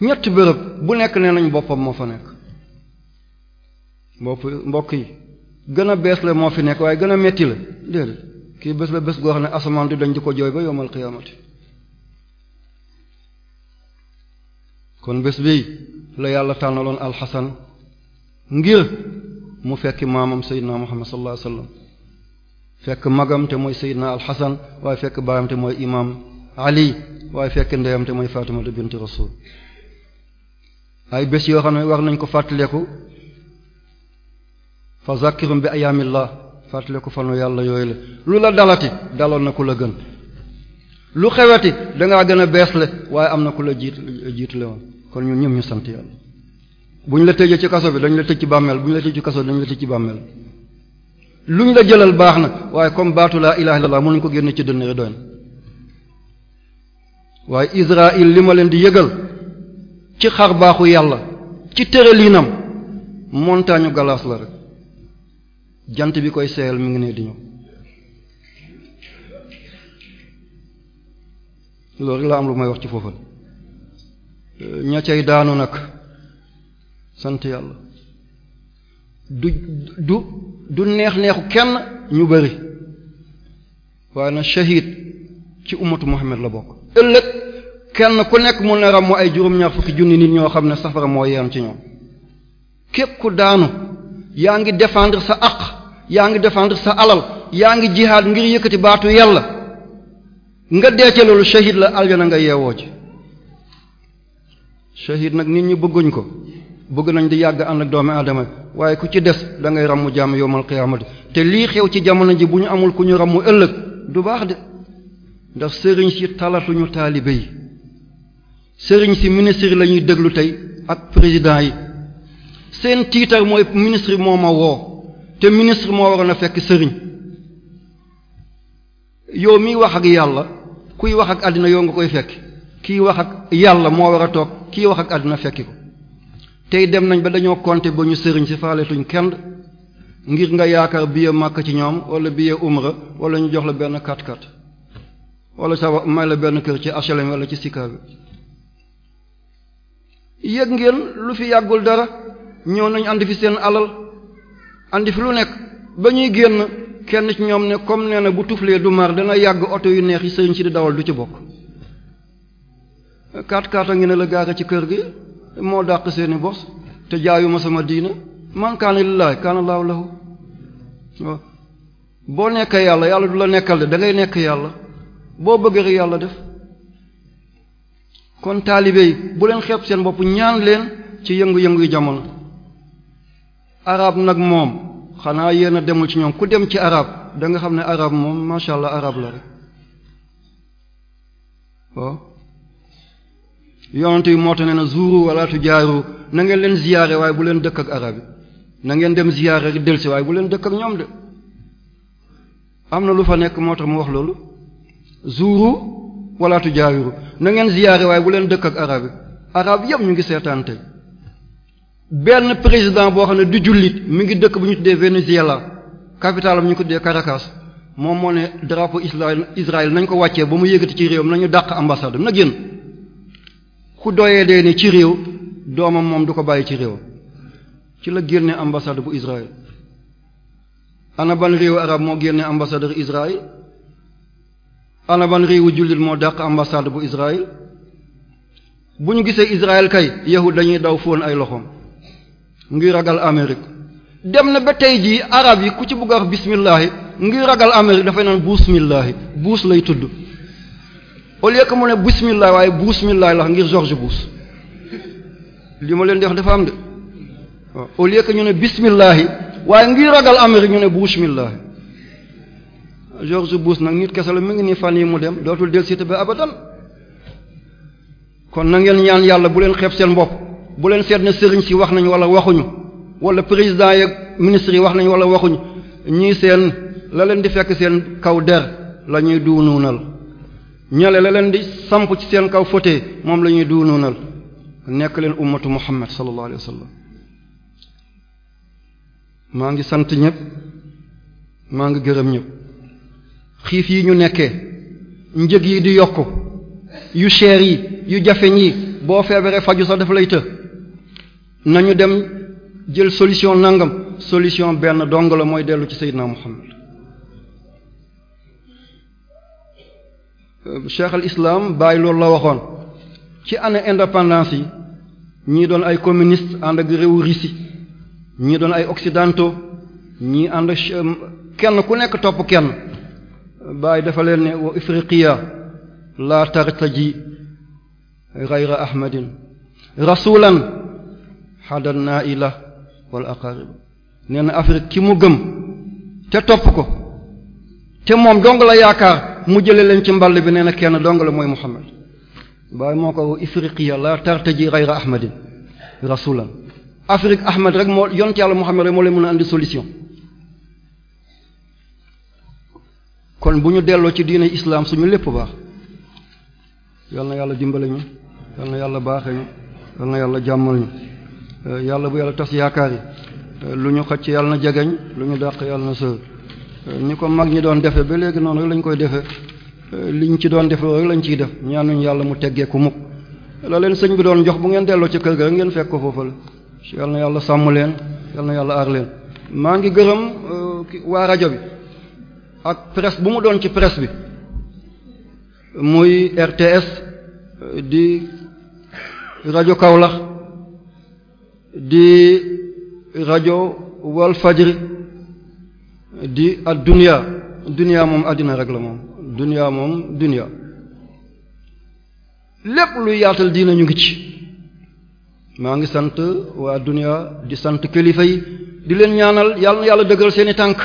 ñetti bërëb bu nekk nee nañ boppam moo fa nekk mbokk mbokk yi gën a bees la moo fi nekk waaye gën a metti la déedéet kii bés la bés goo xam ne asamaan di dañ di ko jooy ba yowmal xiyaamati kon bés bii la yàlla tànnaloon alxasan ngir mu fekki maamam seydina muhammad sallallahu alayhi wasallam fekk magam te mooy seydina alxasan waaye fekk baayam te mooy imaam ali waaye fekk ndeyam te mooy fatimatu bint rasul ay bés yoo xam ne wax nañ ko fàttaleeku fa zakirum bi ayaamillah fàttaliku fanu yàlla yooyu la lu la dalati daloon na ku la gën lu xeweti dangaa gën a bees le waaye am na ku la jiit jiitle woon kon ñun ñëm ñu sant yàlla bu ñu la tëjee ci kaso bi dañu la tëj ci bàmmeel bu ñu la tëj ci kaso bi dañu la tëj ci bàmmeel lu ñu la jëlal baax na waaye comme baatu laa ilaha laa mënuñu ko génne ci dënn rek doy na waaye Israël li ma leen di yëgal ci xar baaxu yàlla ci tërëliinam montagne glace la rek jant bi koy seeyal mu ngi ne di ñëw loolu rek laa am lu may wax ci foofu ña cay daanu nag sant yàlla du du du neex neexu kenn ñu bari waaye na shahid ci ummatu Muhammad la bokk ëllëg kenn ku nekk mun na ràmmu ay juróom-ñaar fukki junni nit ñoo xam ne safara moo yeen ci ñoom képp ku daanu yaa ngi défendre sa àq yaa ngi défendre sa alal yaa ngi jihaad ngir yëkkati baatu yàlla nga dee ca la aljana nga yeewoo ci shahid nag nit ñi bëgguñ ko bëgg nañ di yàgg ànd ak doomi aadama waaye ku ci des da ngay ràmmu jàmm yowmal qiyaamati te lii xew ci jamono ji bu ñu amul ku ñu ràmmu ëllëg du baax de ndax sëriñ si talatuñu taalibe yi sëriñ si ministre lañuy déglu tey ak président yi seen tiitar mooy ministre moo ma woo te ministre moo waroon a fekk sëriñ yow miy wax ak yàlla kuy wax ak àddina yow nga koy fekk kii wax ak yàlla moo war a toog kii wax ak àddina fekki ko tey dem nañ ba dañoo compter ba ñu sëriñ si faaletuñ kenn ngir nga yaakaar billet màkk ci ñoom wala billet umra wala ñu jox la benn kat-kat wala sa may la benn kër ci HLM wala ci Sika bi yëg ngeen lu fi yàggul dara ñëw nañ andi fi seen alal. andi fi lu nekk ba ñuy génn kenn ci ñoom ne comme nee na bu tuflee du mar dana yàgg oto yu neex yi sëriñ ci di dawal du ci bokk kaat kaat a ngi ne la gaare ci kër gi moo dàq seeni bos te jaayuma sama diina man kaana lillaahi kaana laahu lahu boo nekkee yàlla yàlla du la nekkal de da nekk yàlla boo bëgg rek yàlla def kon taalibe yi bu leen xeeb seen bopp ñaan leen ci yëngu-yëngu yu jamono arab nag moom xanaa yéen a demul ci ñoom ku dem ci arab da nga xam ne arab moom macha allah arab la rek waaw oh. yonent moo tax ne na zuuru wallaatu tujaaru na ngeen leen ziyaare waaye bu leen dëkk ak arab yi na ngeen dem ziyaare rek delsi waaye bu leen dëkk ak ñoom de am na lu fa nekk moo tax mu wax loolu zuuru wala tujaaru na ngeen ziyaare waaye bu leen dëkk ak arab yi arab yëpp ñu ngi seetaan tey benn président boo xam ne du jullit mi ngi dëkk bu ñu tuddee Venezuela capitale am ñu ko dee karakas moom moo ne drapeau Israël Israël nañ ko wàccee ba mu yëgati ci réew mi nañu dàq ambassade na génn ku doyee dee ne ci réew doomam moom du ko bàyyi ci réew ci la génne ambassade bu Israël ana ban réewu arab moo génne ambassadeur Israël ana ban réewu jullit moo dàq ambassade bu Israël bu ñu gisee Israël kay yahud dañuy daw fóon ay loxoom ngir ragal Amérique dem na ba tey jii arab yi ku ci bugg a wax bismillahi ngir ragal Amérique dafay naan buusmillahi buus lay tudd au que mu ne bismillahi waaye buusmillahi la ngir George Bush li ma leen di wax dafa am de waaw que ñu ne bismillahi waaye ngir ragal Amérique ñu ne buusmillahi George Bush nag nit kese la mi ngi nii fan yi mu dem dootul del sita ba abadan kon na ngeen ñaan yàlla bu leen xeeb seen bopp bu leen seet ne sëriñ si wax nañu wala waxuñu wala président yeeg ministre yi wax nañ wala waxuñu ñii seen la leen di fekk seen kaw der la ñuy duunuunal ñale la leen di samp ci seen kaw fotee moom la ñuy duunuunal nekk leen umatu muhammad sallallahu alayhi wa sallam maa ngi sant ñëpp maa ngi gërëm ñëpp xiif yi ñu nekkee njëg yi di yokk yu cher yi yu jafeñ yi boo feebaree faju sax dafa lay të nañu dem jël solution nangam solution benn dong la mooy dellu ci Seydina Muhammad euh, cheikh al islam bàyyi loolu la waxoon ci année indépendance yi ñii doon ay communiste ànd ak réewu Russie ñii doon ay occidentaux ñii ànd ak kenn ku nekk topp kenn bàyyi dafa leen ne wa ifriqiya la tartaji ghayra ahmadin rasulan xaddan naa ila wala nee na Afrique ki mu gëm te topp ko te moom dong la yaakaar mu jële leen ci mball bi nee na kenn dong la mooy Muhammad waaye moo ko ifriqiya la tartaji rayra ahmadin rasulan Afrique Ahmad rek moo yont yàlla Muhammad rek moo leen mën a andi solution kon bu ñu delloo ci diine islam suñu lépp baax yal na yàlla dimbale ñu yal na yàlla baaxe ñu yal na yàlla jàmmal ñu Euh, yàlla bu yàlla tas yaakaar yi euh, lu ñu ci yàlla na jegeñ lu ñu dàq yàlla na sër euh, ni ko mag ñi doon defe ba léegi noonu rek lañ koy defe liñ ci doon defe rek lañ ciy def ñaanuñ yàlla mu teggee ku mukk la leen sëñ bi doon jox bu ngeen delloo ci kër gi rek ngeen fekk ko foofu la yàlla na yàlla sàmm leen yàlla na yàlla aar leen maa ngi gërëm waa rajo bi ak presse bu mu doon ci presse bi muy RTS di rajo Kaolack di rajo wal di ad dunya dunya moom addina rek la moom dunya moom dunya lépp luy yaatal diina ñu ngi ci maa ngi sant waa dunya di sant kilifa yi di leen ñaanal yàlla yàlla dëgëral seeni tànk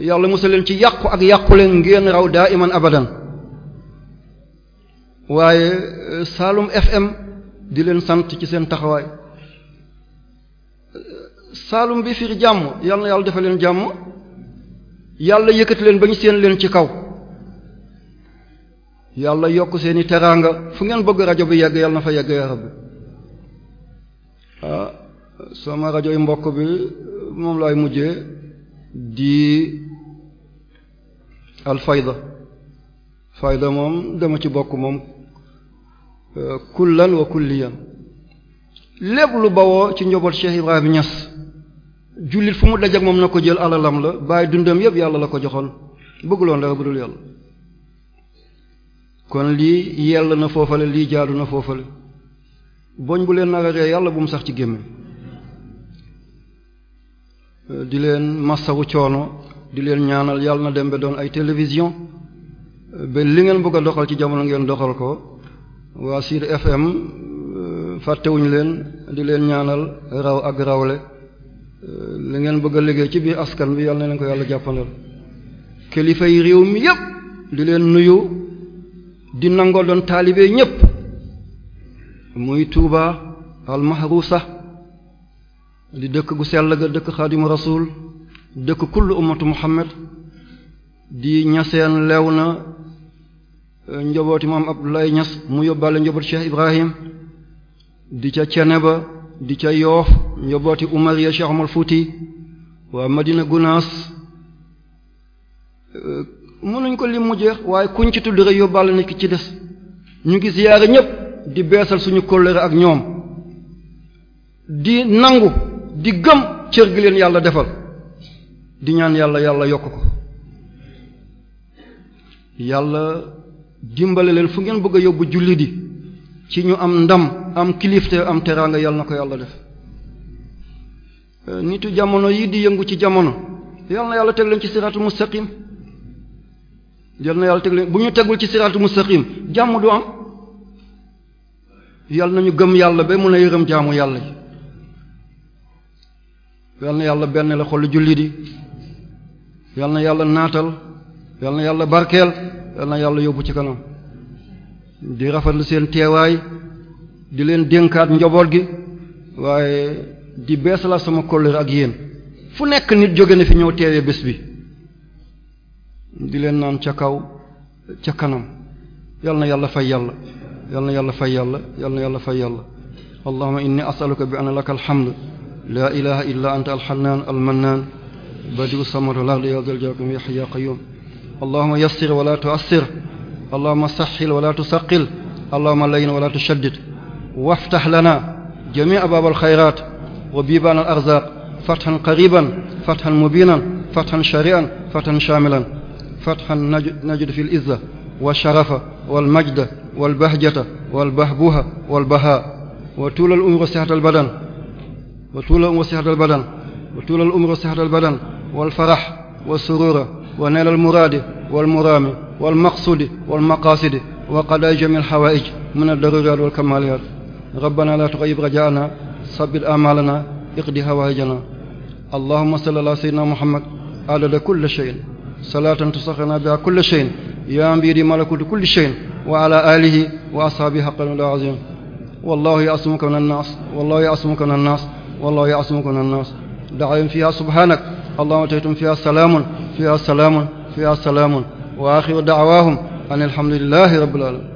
yàlla musal leen ci yàqu ak yàqu leen ngeen raw daa iman abadan waaye Saalum FM di leen sant ci seen taxawaay saalum bi fiir jàmm yàlla na yàlla defal leen jàmm yàlla yëkkati leen ba ñu seen leen ci kaw yàlla yokk seeni teraanga fu ngeen bëgg rajo bi yegg yàlla na fa yegg yaa rabbi ah sama rajo yi mbokk bi moom laay mujjee di alfayda fayda moom dama ci bokk moom kullan wa kulliyan lépp lu bawoo ci njaboot Cheikh Ibrahim Niass jullit fu mu dajak moom na ko jël alalam la bàyyi dundam yëpp yàlla la ko joxoon bëgguloon dara bu dul yàlla kon lii yell na foofale lii jaadu na foofale boñ bu leen nara yàlla bu mu sax ci gémmiñ di leen massawu coono di leen ñaanal yàlla na dem ba doon ay télévision ba li ngeen bëgg a doxal ci jamono ngeen doxal ko waa Sud FM fàttewuñu leen di leen ñaanal raw ak rawle Euh, li ngeen bëgg a liggéey ci biir askan bi yàlla na leen ko yàlla jàppandal kilifa yi réew mi yépp di leen nuyu di nangoo doon taalibe ñépp muy Tuuba almahrusa di dëkk gu sell ga dëkk xaadimu rasul dëkk kullu ummatu muhammad di ñaseen lew na euh, njabooti maam Abdoulaye Ñas mu yóbbaale njaboot Cheikh Ibrahim di ca cene ba di ca yoof njobooti Umariya Cheikh Omar fuuti waa Madina Gounass euh, mënuñ ko lim mu jeex waaye kuñ ci tudd rek yóbbaale na ki ci des ñu ngi ziyaare ñépp di beesal suñu kóllëre ak ñoom di nangu di gëm cër gi leen yàlla defal di ñaan yàlla yàlla yokk ko yàlla dimbale leen fu ngeen bëgg a yóbbu julli di ci ñu am ndam am kilifte am teraanga yàlla na ko yàlla def Euh, nitu jamono yi di yëngu ci jamono yal na yàlla teg leen ci siraatu mustaqim yal na yàlla teg leen bu ñu tegul ci siraatu mustaqim jàmm du am yal na ñu gëm yàlla ba mun a yërëm jaamu yàlla yi yal na yàlla benn la xol julli di yal na yàlla naatal yal na yàlla barkeel yal na yàlla yóbbu ci kanam di rafet rafetlu seen teewaay di leen dénkaat njaboot gi waaye di beesalaat sama kóllëre ak yéen fu nekk nit jóge na fi ñëw teewee bés bi di leen nan ca kaw ca kanam yal na yàlla fay yàlla yal na yàlla fay yàlla yal na yàlla fay yàlla allahumma inni as'aluka bi anna laka alhamd la ilaha illa anta alxanaan almannaan badiu samawati wal ardi ya zal jalali ya hayyu ya qayyum allahumma yassir wala tu'assir allahumma sahhil wala tusaqqil allahumma layyin lana jami'a baabal xayraat wa biibaan al arzaq fathan qariban fathan mubinan fathan shari'an fathan shamilan fathan najid fi l izza walsharafa walmajda walbahjata walbahbuha walbaha wa tuula al umru sihhat al badan wa tuula al umru sihhat al badan wa tuula al umru sihhat al badan walfarah walsurura wa nail al muraadi walmuraami walmaqsuudi walmaqaasidi wa qadaa jami al hawaa'ij min ad-daruuraat wal kamaaliyaat rabbanaa laa tuxayyib rajaa'anaa sabbit amalana iqdi hawaajana allahumma salli ala sayyidina muhammad adada kulli shay'in salaatan tusaxirna biha kulli shay'in yaa mbiiri malakutu kulli shay'in wa ala alihi wa ashaabihi haqqan wal azim wallahu ya'simuka min an-nas wallahu ya'simuka min an-nas wallahu ya'simuka min an-nas da'awahum fiha subhanak allahumma taytum fiha salaamun fiha salaamun fiha salaamun wa akhiru da'awahum anil hamdulillahi rabbil alamin